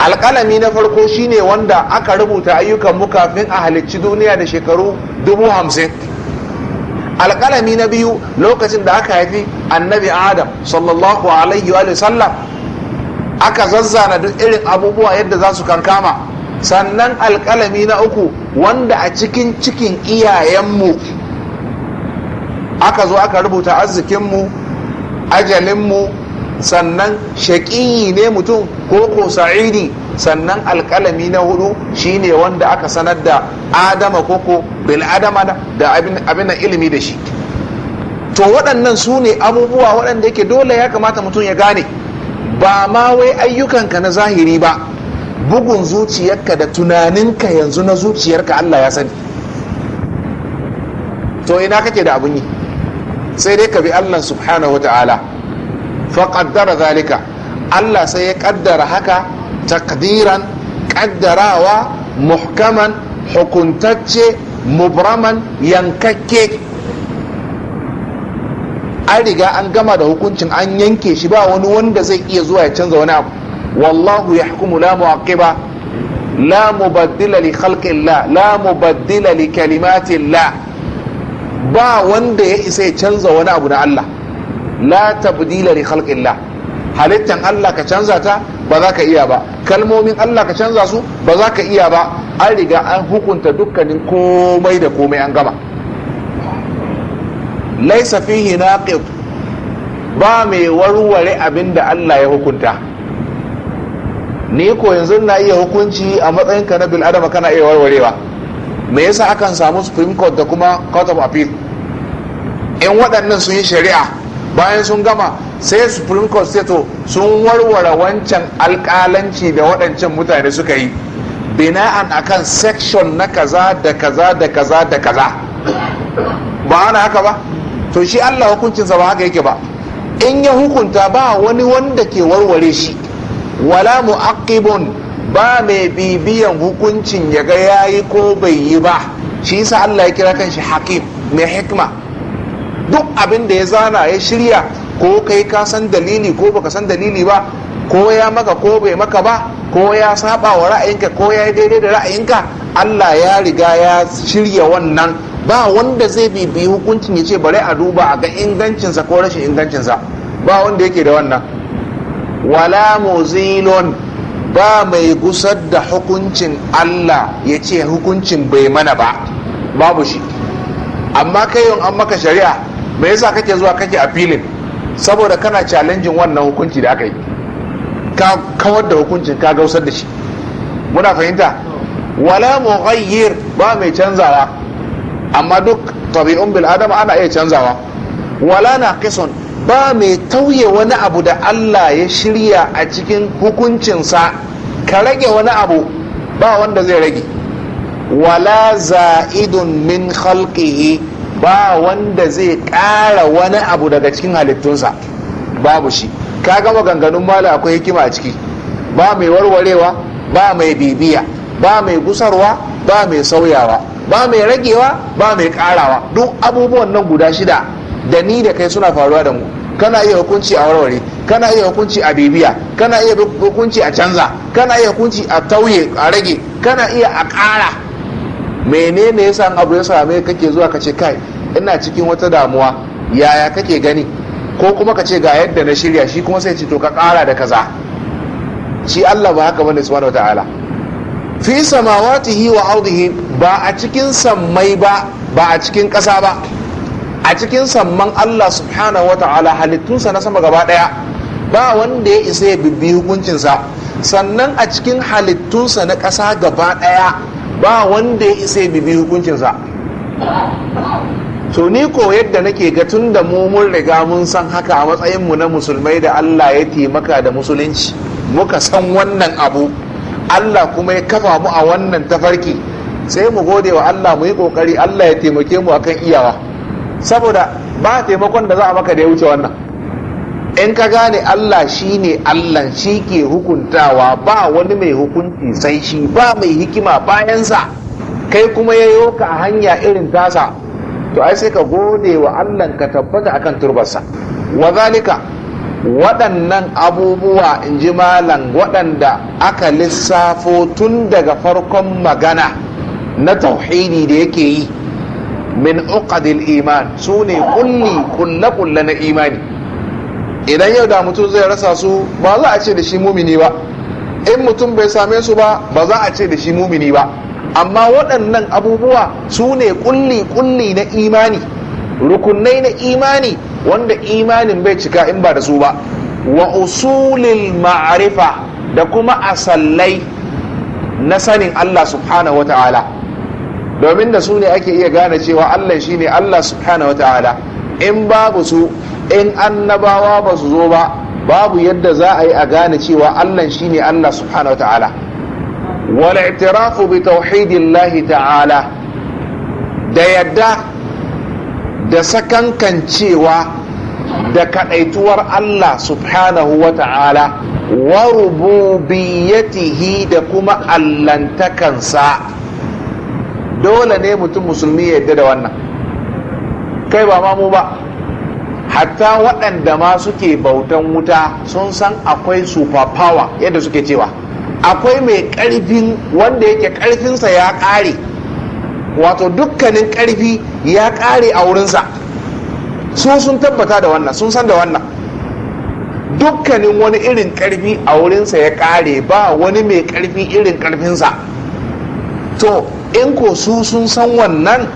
S1: alƙalami na farko shine wanda aka rubuta ayyukan mu kafin a halicci duniya da shekaru dubu hamsin alƙalami na biyu lokacin da aka haifi annabi adam sallallahu alaihi wa sallam aka zazzana duk irin abubuwa yadda za su kankama sannan alƙalami na uku wanda a cikin cikin iyayenmu aka zo aka rubuta arzikinmu ajalinmu sannan shaƙiyi ne mutum ko ko sa'idi sannan alƙalami na hudu shine wanda aka sanar da adama ko ko bil adama da abin ilimi da shi to waɗannan su ne abubuwa waɗanda yake dole ya kamata mutum ya gane ba ma wai ayyukanka na zahiri ba bugun zuciyarka da tunaninka yanzu na zuciyarka Allah ya sani to ina kake da abin yi sai dai ka bi Allah subhanahu wa ta'ala faƙaddara zalika allah sai ya ƙaddara haka takdiran ƙaddarawa muhkaman hukuntacce mubraman yankakke an riga an gama da hukuncin an yanke shi ba wani wanda zai iya zuwa ya canza wani abu wallahu ya hukumu la mu'aqiba la mubaddila li khalqillah la mubaddila li kalimatillah ba wanda ya isa ya canza wani abu na Allah la tabdila li khalqillah halittan Allah ka canza ta ba za ka iya ba kalmomin Allah ka canza su ba za ka iya ba an riga an hukunta dukkanin komai da komai an gama laisa fihi naqib ba mai warware abinda Allah ya hukunta ni ko yanzu na iya hukunci a matsayin ka na bil adama kana iya warwarewa me yasa akan samu supreme court da kuma court of appeal in waɗannan sun yi shari'a bayan sun gama sai supreme court sai sun warware wancan alkalanci da waɗancan mutane suka yi bina'an akan section na kaza da kaza da kaza da kaza ba ana haka ba to shi allah hukuncinsa ba haka yake ba in ya hukunta ba wani wanda ke warware shi wala mu'aqibun ba mai bibiyan hukuncin ya ga yayi ko bai yi ba shi sa allah ya kira kan shi hakim mai hikma duk abin da ya zana ya shirya ko kai ka san dalili ko baka san dalili ba ko ya maka ko bai maka ba ko ya saba wa ra'ayinka ko ya yi daidai da ra'ayinka Allah ya riga ya shirya wannan ba wanda zai bibiyi hukuncin ya ce bari a duba a ga ingancinsa ko rashin ingancinsa ba wanda yake da wannan wala muzilun ba mai gusar da hukuncin Allah ya ce hukuncin bai mana ba babu shi amma kai an maka shari'a me yasa kake zuwa kake a filin saboda kana challenging wannan hukunci da aka yi ka kawar da hukuncin ka gausar da shi muna fahimta wala mughayyir ba mai canzawa amma duk tabi'un bil adama ana iya canzawa wala naqisun ba mai tauye wani abu da Allah ya shirya a cikin hukuncinsa ka rage wani abu ba wanda zai rage wala za'idun min khalqihi ba wanda zai ƙara wani abu daga cikin halittunsa babu shi ka gama ganganun mala akwai hikima a ciki ba mai warwarewa ba mai bibiya ba mai gusarwa ba mai sauyawa ba mai ragewa ba mai ƙarawa. duk abubuwan nan guda shida da ni da kai suna faruwa da mu kana iya hukunci a warware kana iya hukunci a bibiya kana iya hukunci a canza kana iya hukunci a tauye a rage kana iya a ƙara. menene yasa abu ya same kake zuwa ka kai ina cikin wata damuwa yaya kake gani ko kuma ka ga yadda na shirya shi kuma sai ce to ka kara da kaza shi Allah ba haka bane subhanahu wataala fi samawatihi wa ardihi ba a cikin sammai ba ba a cikin ƙasa ba a cikin samman Allah subhanahu wataala halittunsa na sama gaba daya ba wanda ya isa ya bibbi hukuncinsa sannan a cikin halittunsa na ƙasa gaba daya ba wanda ya isa bibi hukuncinsa To ni ko yadda nake ga tun da mu mun riga mun san haka a matsayin mu na musulmai da Allah ya taimaka da musulunci muka san wannan abu Allah kuma ya kafa mu a wannan tafarki sai mu gode wa Allah mu yi kokari Allah ya taimake mu akan iyawa saboda ba taimakon da za a maka da ya wuce wannan in ka gane Allah shi ne Allah shi ke hukuntawa ba wani mai hukunci sai shi ba mai hikima bayansa kai kuma ya ka a hanya irin tasa to ai sai ka gode wa Allah ka tabbata akan turbarsa wa zalika waɗannan abubuwa in ji malam waɗanda aka lissafo tun daga farkon magana na tauhidi da yake yi min uqadil iman su ne kulli kulle-kulle na imani idan yau da mutum zai rasa su ba za a ce da shi mumini ba in mutum bai same su ba ba za a ce da shi mumini ba amma waɗannan abubuwa su ne kulli-kulli na imani rukunai na imani wanda imanin bai cika in ba da su ba wa usulil ma'arifa da kuma asallai na sanin Allah subhanahu wa ta'ala domin da su ne ake iya gane cewa Allah shine Allah subhanahu wa ta'ala in babu su in annabawa ba su zo ba babu yadda za a yi a gane cewa Allah shine Allah subhanahu ta'ala wala i'tirafu bi tauhidillahi ta'ala da yadda da sakankan cewa da kadaituwar Allah subhanahu wa ta'ala wa rububiyyatihi da kuma allantakansa dole ne mutum musulmi ya yadda da wannan kai ba ma mu ba hatta waɗanda ma suke bautan wuta sun san akwai superpower yadda suke cewa akwai mai ƙarfin wanda yake ƙarfinsa ya ƙare wato dukkanin ƙarfi ya ƙare a wurinsa su sun tabbata da wannan sun san da wannan dukkanin wani irin ƙarfi a wurinsa ya ƙare ba wani mai ƙarfi irin ƙarfinsa to in ko su sun san wannan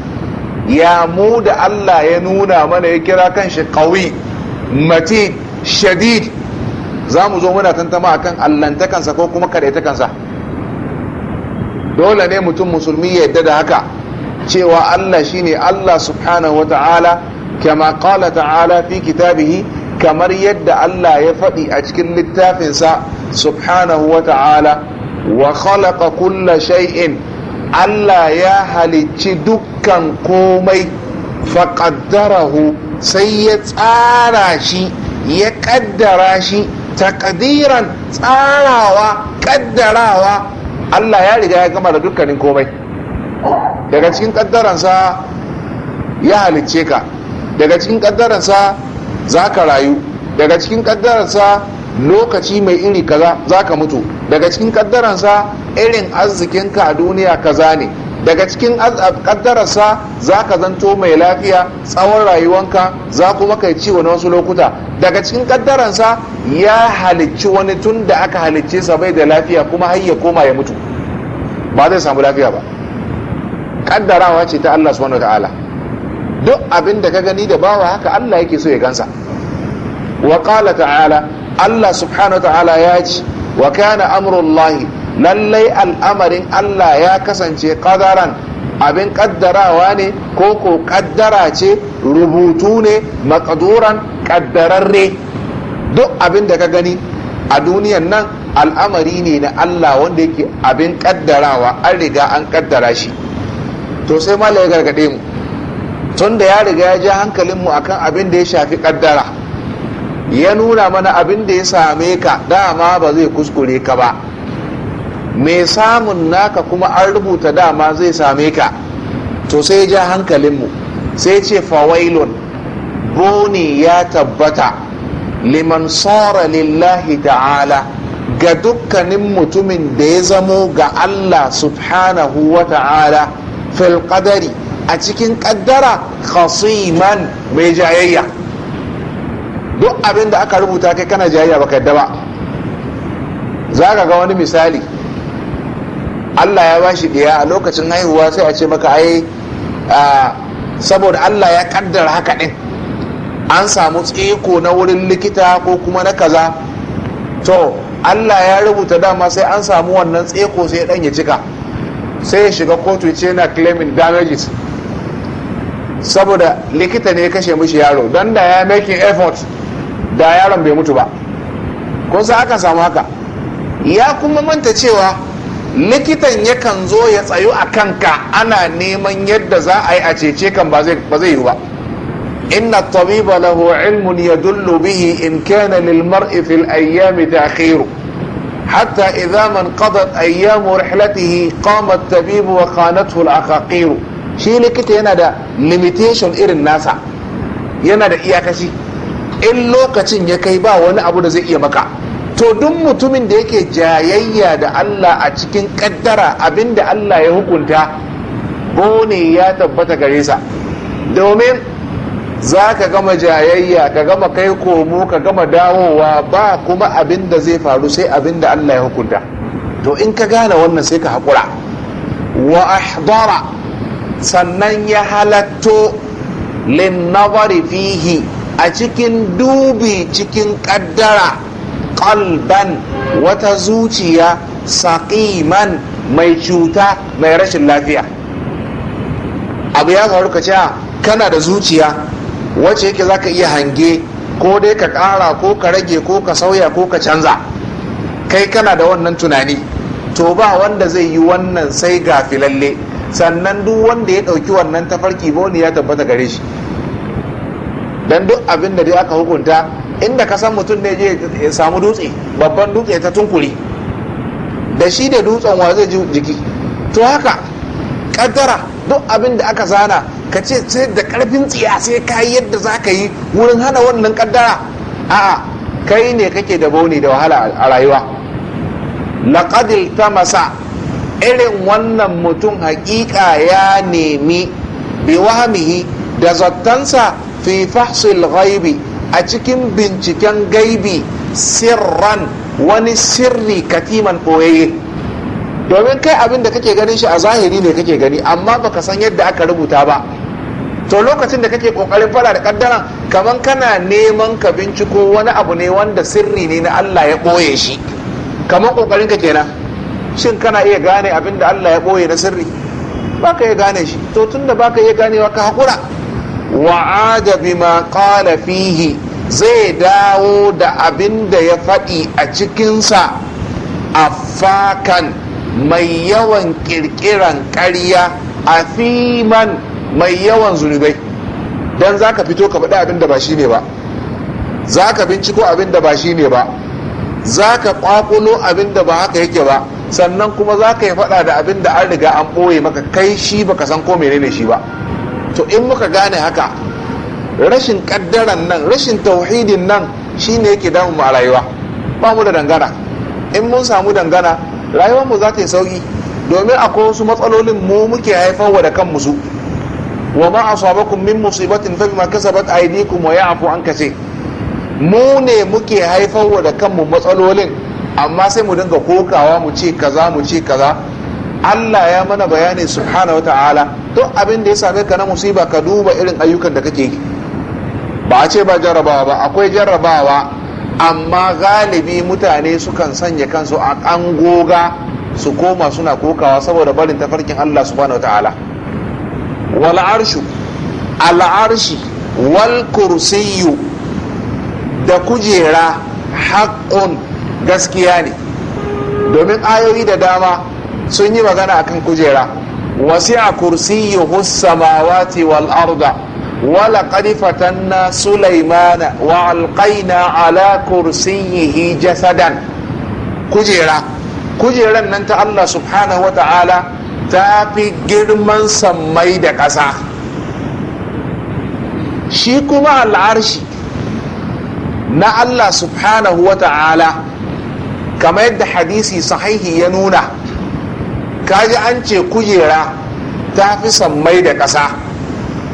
S1: ya mu da Allah ya nuna mana ya kira kan shi qawi matid shadid za mu zo muna tantama kan allantakansa ko kuma kadaitakansa dole ne mutum musulmi ya yadda da haka cewa Allah shine Allah subhanahu ta'ala kama ƙala ta'ala fi kitabihi kamar yadda Allah ya faɗi a cikin littafinsa subhanahu wa khalaqa kulla shay'in Allah ya halicci dukkan komai faƙaddarahu sai ya tsara shi ya ƙaddara shi takadiran tsarawa ƙaddarawa Allah ya riga ya gama da dukkanin komai daga cikin ƙaddaransa ya halicce ka daga cikin ƙaddaransa za ka rayu daga cikin ƙaddaransa lokaci mai iri kaza za ka mutu daga cikin ƙaddaransa irin arzikinka a duniya kaza ne daga cikin kaddararsa za ka zanto mai lafiya tsawon rayuwanka za kuma kai ciwo na wasu lokuta daga cikin kaddararsa ya halicci wani tun da aka halicce sa bai da lafiya kuma har ya koma ya mutu ba zai samu lafiya ba kaddarawa ce ta Allah subhanahu ta'ala duk abin da ka gani da bawa haka Allah yake so ya gansa wa qala ta'ala Allah subhanahu ta'ala ya ce wa kana amrullahi lallai al'amarin Allah ya kasance ƙadaran abin ƙaddarawa ne ko ko ƙaddara ce rubutu ne makaduran ƙaddararre duk abin da ka gani a duniyan nan al'amari ne na Allah wanda yake abin ƙaddarawa an riga an ƙaddara shi to sai mala ya gargaɗe mu tun da ya riga ya ja hankalinmu akan abin da ya shafi ƙaddara ya nuna mana abin da ya same ka dama ba zai kuskure ka ba mai samun naka kuma an rubuta dama zai same ka to sai ja hankalinmu sai ce fawailun boni ya tabbata liman tsara lillahi ta'ala ga dukkanin mutumin da ya zamo ga Allah subhanahu wa ta'ala fil a cikin kaddara khasiman mai jayayya duk abin da aka rubuta kai kana jayayya baka yadda ba za ka ga wani misali Allah ya bashi ɗiya a lokacin haihuwa sai a ce maka ai saboda Allah ya kaddara haka ɗin an samu tsiko na wurin likita ko kuma na kaza to Allah ya rubuta dama sai an samu wannan tseko sai dan ya cika sai ya shiga kotu ce na claiming damages saboda likita ne ya kashe mishi yaro don da ya making effort da yaron bai mutu ba kun sa aka samu haka ya kuma manta cewa likitan yakan zo ya tsayu a kanka ana neman yadda za a yi a cece kan ba zai yi ba inna tabiba lahu ilmun yadullu bihi in kana lil mar'i fil ayyami ta'khiru حتى إذا من قضت أيام رحلته wa الطبيب وخانته العقاقير shi likita yana da limitation irin nasa yana da iyakaci in lokacin ya kai ba wani abu da zai iya maka to duk mutumin da yake jayayya da Allah a cikin kaddara abinda Allah ya hukunta bone ya tabbata gare sa domin za ka gama jayayya ka gama kai komo ka gama dawowa ba kuma abinda zai faru sai abinda Allah ya hukunta to in ka gane wannan sai ka haƙura wa ahdara sannan ya halatto lin fihi a cikin dubi cikin ƙaddara Ƙalban wata zuciya saƙiman mai cuta mai rashin lafiya abu ya faru ka cewa ah, kana da zuciya wacce yake zaka iya hange ko dai ka ƙara ko ka rage ko ka sauya ko ka canza kai kana da wannan tunani to ba wanda zai yi wannan sai ga gafilalle sannan duk wanda ya ɗauki wannan tafarki ba wani ya tabbata gare shi Don duk abin da dai aka hukunta inda ka san mutum ne je ya samu dutse babban dutse ta tunkuri da shi da dutsen wa zai jiki to haka kaddara duk abin da aka zana ka ce sai da karfin tsiya sai ka yi yadda za ka yi wurin hana wannan kaddara a'a kai ne kake da bauni da wahala a rayuwa ta masa irin wannan mutum hakika ya nemi bi wahmihi da zattansa fi fahsil ghaibi a cikin binciken gaibi sirran wani sirri katiman ɓoyayye domin kai abin da kake ganin shi a zahiri ne kake gani amma baka san yadda aka rubuta ba to lokacin da kake kokarin fara da kaddara kaman kana neman ka binciko wani abu ne wanda sirri ne na Allah ya ɓoye shi kaman kokarin ka kenan shin kana iya gane abin da Allah ya ɓoye na sirri baka iya gane shi to tunda baka iya ganewa ka hakura Wa'adabi bima fihi zai dawo da abin da ya faɗi a cikinsa a fakan mai yawan ƙirƙiran ƙarya a fiman mai yawan zunubai don za ka fito ka faɗi abin da ba shi ne ba za ka binciko abin da ba shi ne ba za ka ƙwaƙulo abin da ba haka yake ba sannan kuma za ka yi faɗa da abin da an riga an ɓoye maka kai shi baka san ko menene shi ba to in muka gane haka rashin kaddaran nan rashin tauhidin nan shine yake damu a rayuwa ba mu da dangana in mun samu dangana rayuwar mu za ta yi sauki domin akwai wasu matsalolin mu muke haifarwa da kanmu su wa ma asabakum min musibatin fa bima kasabat aydikum wa ya'fu an kace mu ne muke wa da kanmu matsalolin amma sai mu dinga kokawa mu ce kaza mu ce kaza Allah ya mana bayani subhanahu wata'ala duk abin da ya same ka na musiba ka duba irin ayyukan da kake ba a ce ba jarrabawa ba akwai jarrabawa amma galibi mutane sukan sanya kansu a goga su koma suna kokawa saboda barin tafarkin Allah subhanahu wata'ala wal arshu al arshi wal kursiyu da kujera haƙƙun gaskiya ne domin ayoyi da dama sun yi magana akan kujera wasi'a kursiyyuhu samawati wal arda wala qad fatanna sulaymana wa alqaina ala kursiyyihi jasadan kujera kujeran nan ta Allah subhanahu wa ta'ala ta fi girman sammai da ƙasa shi kuma al'arshi na Allah subhanahu wa ta'ala kamar yadda hadisi sahihi ya nuna kaji an ce kujera ta fi sammai da ƙasa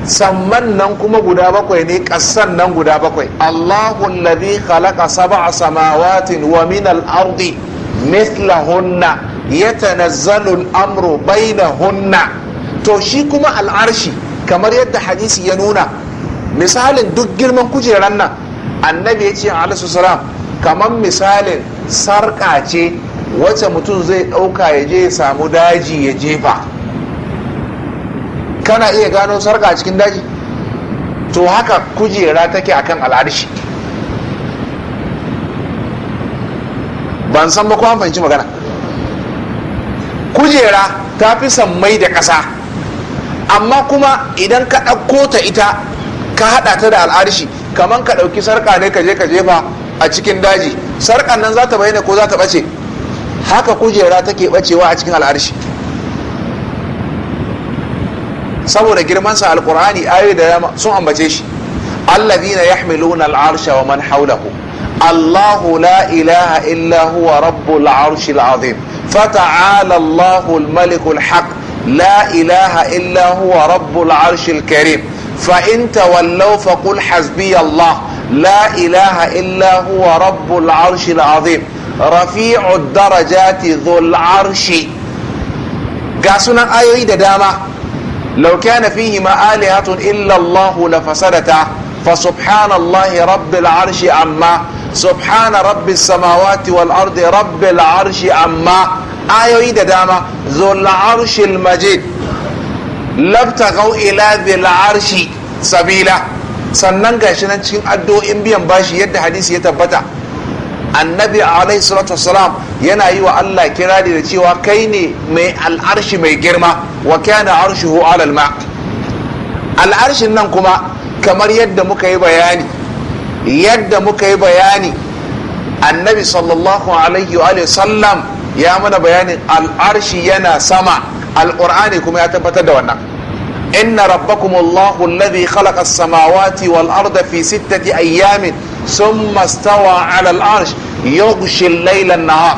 S1: samman nan kuma guda bakwai ne ƙasan nan guda bakwai allahu alladhi khalaqa sab'a samawatin wa min al-ardi mithlahunna yatanazzalu al-amru hunna. to shi kuma al'arshi kamar yadda hadisi ya nuna misalin duk girman kujeran nan annabi ya ce alaihi salam kamar misalin sarƙa ce wacce mutum zai ɗauka ya je ya samu daji ya jefa kana iya gano sarka a cikin daji to haka kujera take akan al'arshi ban san ba kuma fahimci magana kujera ta fi mai da ƙasa amma kuma idan ka ɗauko ta ita ka haɗa ta da al'arshi kamar ka ɗauki sarka ne ka je ka jefa a cikin daji sarƙan nan za ta bayyana ko za ta ɓace haka kujera take bacewa a cikin al'arshi saboda girmansa alkur'ani ayoyi da dama sun ambace shi allazina yahmiluna al'arsha wa man hawlahu الله لا إله إلا هو رب العرش العظيم فتعالى الله الملك الحق لا إله إلا هو رب العرش الكريم فإن تولوا فقل حسبي الله لا إله إلا هو رب العرش العظيم rafi'u darajati dhul arshi ga sunan ayoyi da dama lauke na fihi hima alihatun illa Allah la fasadata fa subhanallahi rabbil arshi amma subhana rabbis samawati wal ardi rabbil arshi amma ayoyi da dama dhul arshil majid gau ila dhil arshi sabila sannan gashi nan cikin addu'o'in biyan bashi yadda hadisi ya tabbata annabi alaihi salatu wasalam yana yi wa Allah kirari da cewa kai ne mai al'arshi mai girma wa kana arshuhu alal ma al'arshin nan kuma kamar yadda muka yi bayani yadda muka yi bayani annabi sallallahu alaihi wa sallam ya mana bayanin al'arshi yana sama al'ur'ani kuma ya tabbatar da wannan inna rabbakum allahu alladhi khalaqa as-samawati wal arda fi sittati ayyamin ثم استوى على العرش يغشي الليل النهار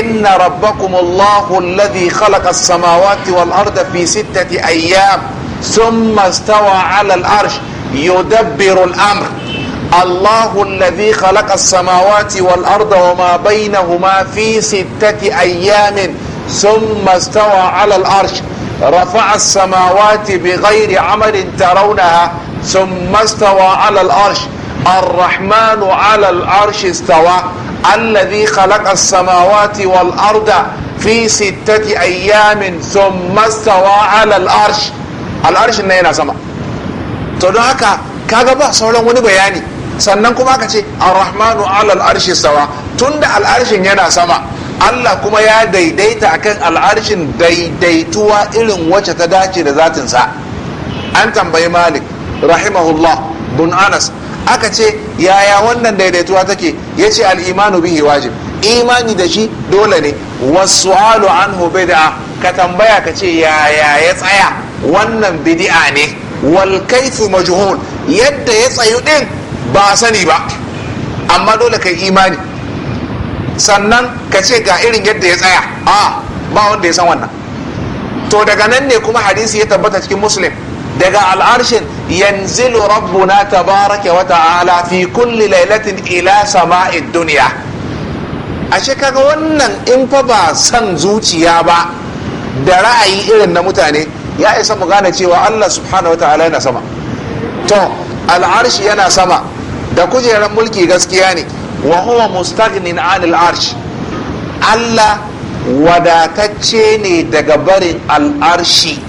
S1: إن ربكم الله الذي خلق السماوات والأرض في ستة أيام ثم استوى على العرش يدبر الأمر الله الذي خلق السماوات والأرض وما بينهما في ستة أيام ثم استوى على العرش رفع السماوات بغير عمل ترونها ثم استوى على العرش الرحمن على العرش استوى الذي خلق السماوات والأرض في ستة أيام ثم استوى على العرش العرش نينا سما تدو هكا كاغا وني بياني sannan kuma aka ce arrahmanu alal arshi sawa tunda al'arshin yana sama Allah kuma ya daidaita akan al'arshin daidaituwa irin wacce ta dace da zatinsa an tambayi malik rahimahullah bun anas aka ce yaya wannan daidaituwa take ya ce al'imanu bihi wajib imani da shi dole ne wasu alu hobe bid'a ka tambaya ka ce yaya ya tsaya wannan bidi'a ne wal kaifu majhul yadda ya tsayu din ba sani ba amma dole kai imani sannan ka ce ga irin yadda ya tsaya a ba wanda ya san wannan to daga nan ne kuma hadisi ya tabbata cikin muslim daga al'arshin yanzilu rabbuna tabaraka wa ta'ala fi kulli lailatin ila sama'id duniya A kaga wannan in fa ba san zuciya ba da ra'ayi irin na mutane ya isa mu gane cewa Allah subhanahu wa ta'ala yana sama to al'arshi yana sama da kujerar mulki gaskiya ne wa huwa mustaghnin 'anil arsh Allah wadatacce ne daga barin al'arshi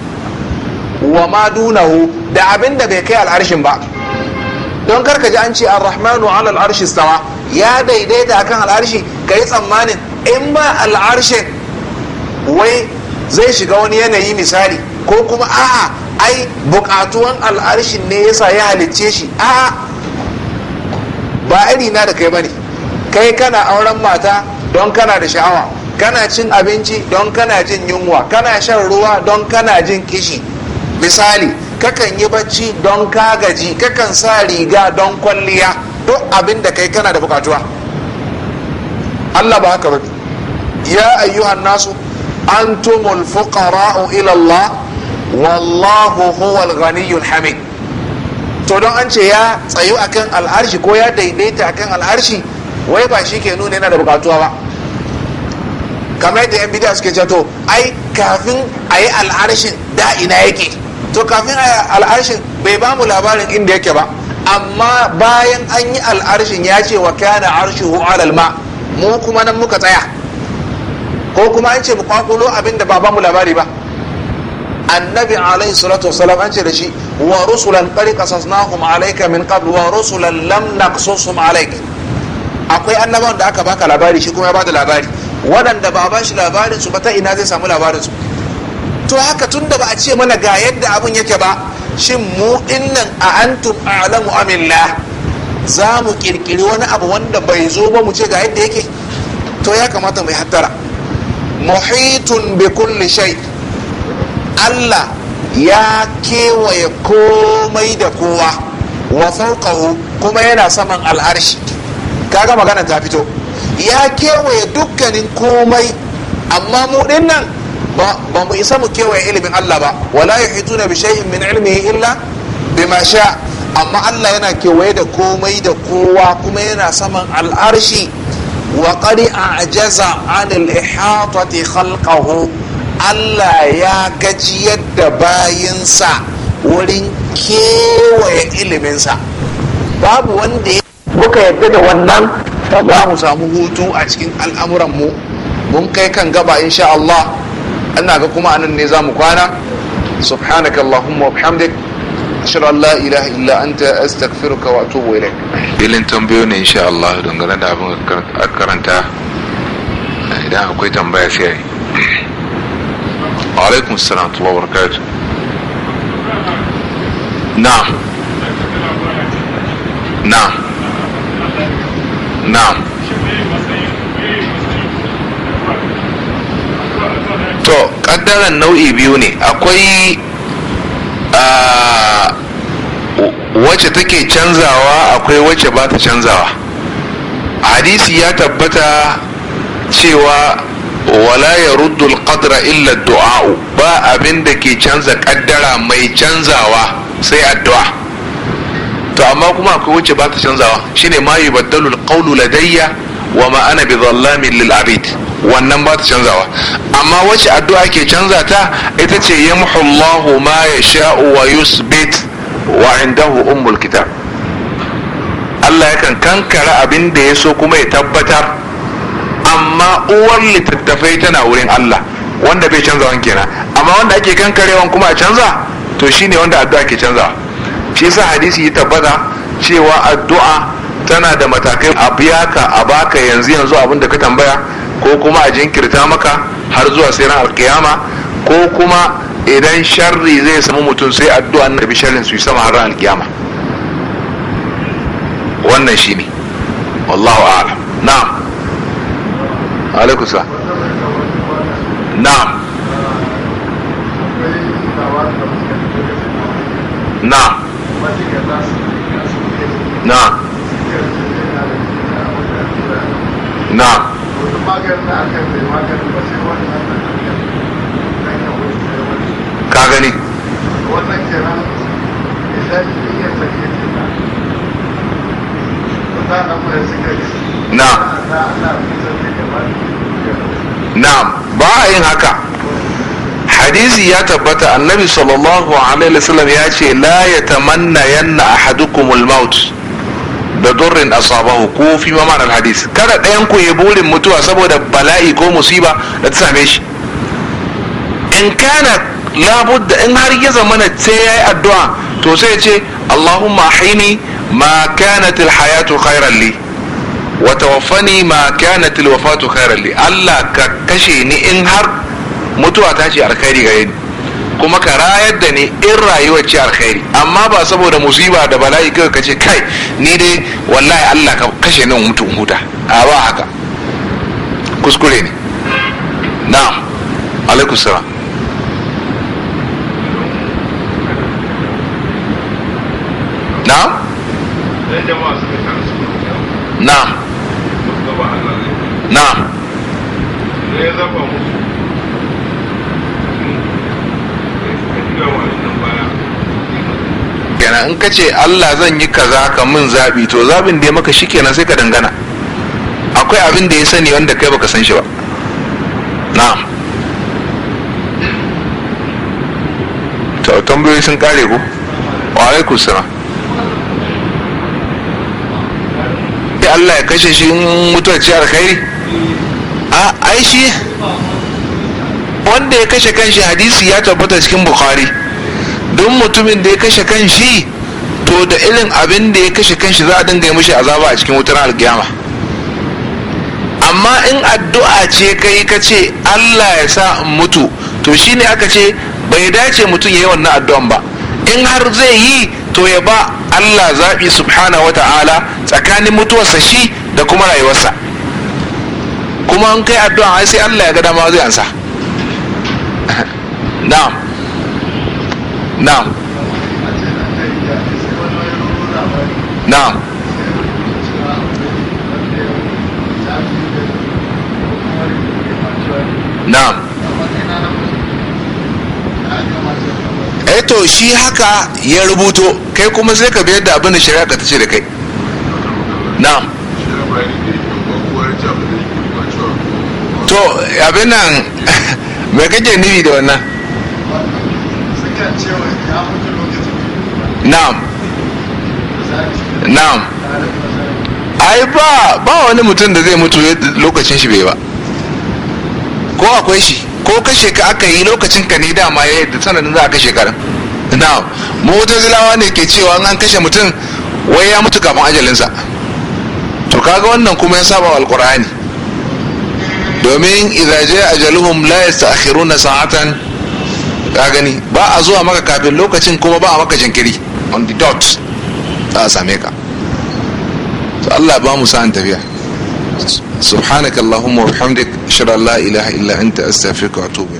S1: wa ma dunahu da abin da bai kai al'arshin ba don karka ji an ce ar-rahmanu ala al'arshi sawa ya daidaita akan al'arshi ka yi tsammanin in ba al'arshin wai zai shiga wani yanayi misali ko kuma a'a ai bukatuwan al'arshin ne yasa ya halicce shi a'a ba iri na da kai bane kai kana auren mata don kana da sha'awa kana cin abinci don kana jin yunwa kana shan ruwa don kana jin kishi misali kakan yi bacci don ka kagaji kakan sa riga don kwalliya duk abin da kai kana da bukatuwa Allah ba haka bane ya ayyuhan nasu antumul fuqara'u ila Allah wallahu huwal ghaniyyul hamid to don an ce ya tsayu akan al'arshi ko ya daidaita akan al'arshi wai ba shi ke nuna yana da bukatuwa ba kamar yadda yan bidiyar suke ce to ai kafin a yi al'arshin ina yake to kafin al'arshin bai ba labarin inda yake ba amma bayan an yi al'arshin ya ce wa kana arshuhu alal ma mu kuma nan muka tsaya ko kuma an ce mu kwakulo abinda ba ba mu labari ba annabi alayhi salatu wasalam an ce da shi wa rusulan qad qasasnahum alayka min qabl wa rusulan lam naqsusum alayk akwai annabawan da aka baka labari shi kuma ya bada labari waɗanda ba ba shi labarin su ba ta ina zai samu labarin su to haka tun da ba a ce mana ga yadda abin yake ba shin mu nan a antum a'lamu amillah za mu kirkiri wani abu wanda bai zo ba mu ce ga yadda yake to ya kamata mai hattara muhitun bi kulli shai. Allah ya kewaye komai da kowa wa fawqahu kuma yana saman al'arshi kaga magana ta fito ya kewaye dukkanin komai amma mu dinnan ba ba mu isa mu kewaye ilimin Allah ba wala yuhituna bi shay'in min ilmihi illa bima sha amma Allah yana kewaye da komai da kowa kuma yana saman al'arshi wa qad a'jaza 'an al-ihatati khalqahu Allah ya gajiyar da bayinsa wurin kewaye iliminsa babu wanda ya buka yadda da wannan ba mu samu hutu a cikin al'amuranmu mun kai kan gaba insha Allah ina ga kuma anan ne za mu kwana subhanaka allahumma wa bihamdik ashhadu an la ilaha illa anta astaghfiruka wa atubu ilaik ilin tambayo ne insha Allah dangane da abin karanta idan akwai tambaya sai ai wa alaikum assalam wa barakatuh Na. Na. Na. to kaddaran nau'i biyu ne akwai wacce take canzawa akwai wacce ba ta canzawa hadisi ya tabbata cewa wala ya ruddul qadra illa du'a'u ba abin da ke canza kaddara mai canzawa sai addu'a to amma kuma akwai wacce ba ta canzawa shine ma yubaddalul qawlu ladayya wa ma ana bi dhallamin lil abid wannan ba ta canzawa amma wacce addu'a ke canza ta ita ce ya Allahu ma sha'u wa yusbit wa indahu umul kitab Allah yakan kankara abin da ya so kuma ya tabbatar amma uwar littattafai tana wurin Allah wanda bai canza wanke na amma wanda ake kankarewan kuma a canza to shine wanda addu'a ke canza shi yasa hadisi ya tabbata cewa addu'a tana da matakai a biya ka a baka yanzu yanzu abin da ka tambaya ko kuma a jinkirta maka har zuwa sai ran alkiyama ko kuma idan sharri zai samu mutum sai addu'an nabi sharrin su sama har ran alkiyama wannan shine wallahu a'lam na'am alaikum salam na'am na'am na'am na'am ka gani na ba a yin haka hadisi ya tabbata annabi sallallahu alaihi wasallam ya ce la ya tamanna yanna ahadukumul maut da durrin asabahu ko fi ma ma'anar hadis kada ɗayan ku ya burin mutuwa saboda bala'i ko musiba da ta same shi in kana labudda in har ya zamana sai yayi addu'a to sai ce Allahumma haini ma kanat alhayatu khairan li wa tawaffani ma kanat alwafatu khairan li Allah ka kashe ni in har mutuwa ta ce alkhairi gare ni kuma ka rayar da ni in rayuwar ce alkhairi amma ba saboda musiba da bala'i kai ka ce kai ni dai wallahi Allah ka kashe nan mutu in huta a ba haka kuskure ne na'am alaikum salam na'am na'am na'am kenan in ka ce Allah zan yi kaza ka mun zabi to zabin da ya maka shikenan sai ka dangana akwai abin da ya sani wanda kai baka san shi ba na'am to tambayoyi sun kare ku wa alaikum salam ya Allah ya kashe shi in mutuwar ci alkhairi a ai shi wanda ya kashe kanshi hadisi ya tabbata cikin bukhari duk mutumin da ya kashe kan shi, to da irin abin da ya kashe kan shi, za a dinga yi mishi azaba a cikin wutar alkiyama amma in addu'a ce kai ka ce Allah ya sa in mutu to shi ne aka ce bai dace mutum ya yi wannan addu'an ba in har zai yi to ya ba Allah zaɓi subhana wa ta'ala tsakanin mutuwarsa shi da kuma rayuwarsa kuma in kai addu'a sai Allah ya ga dama zai ansa na'am Eh to shi haka ya rubuto kai kuma sai ka biyar da abin da shari'a ta ce da kai na'am to abin nan me kake nufi da wannan na'am na'am ai ba ba wani mutum da zai mutu lokacin shi bai ba ko akwai shi ko kashe ka aka yi lokacin ka ne dama ya yadda sanadin za a kashe ka na'am zilawa ne ke cewa an kashe mutum wai ya mutu kafin ajalinsa to kaga wannan kuma ya saba wa Alƙurani. domin idza jaa ajaluhum la yastakhiruna sa'atan ka gani ba a zuwa maka kafin lokacin kuma ba a maka jinkiri on the dot za a same ka to Allah ba mu sa'an tafiya subhanakallahumma wa bihamdik ashhadu an la ilaha illa anta astaghfiruka wa atubu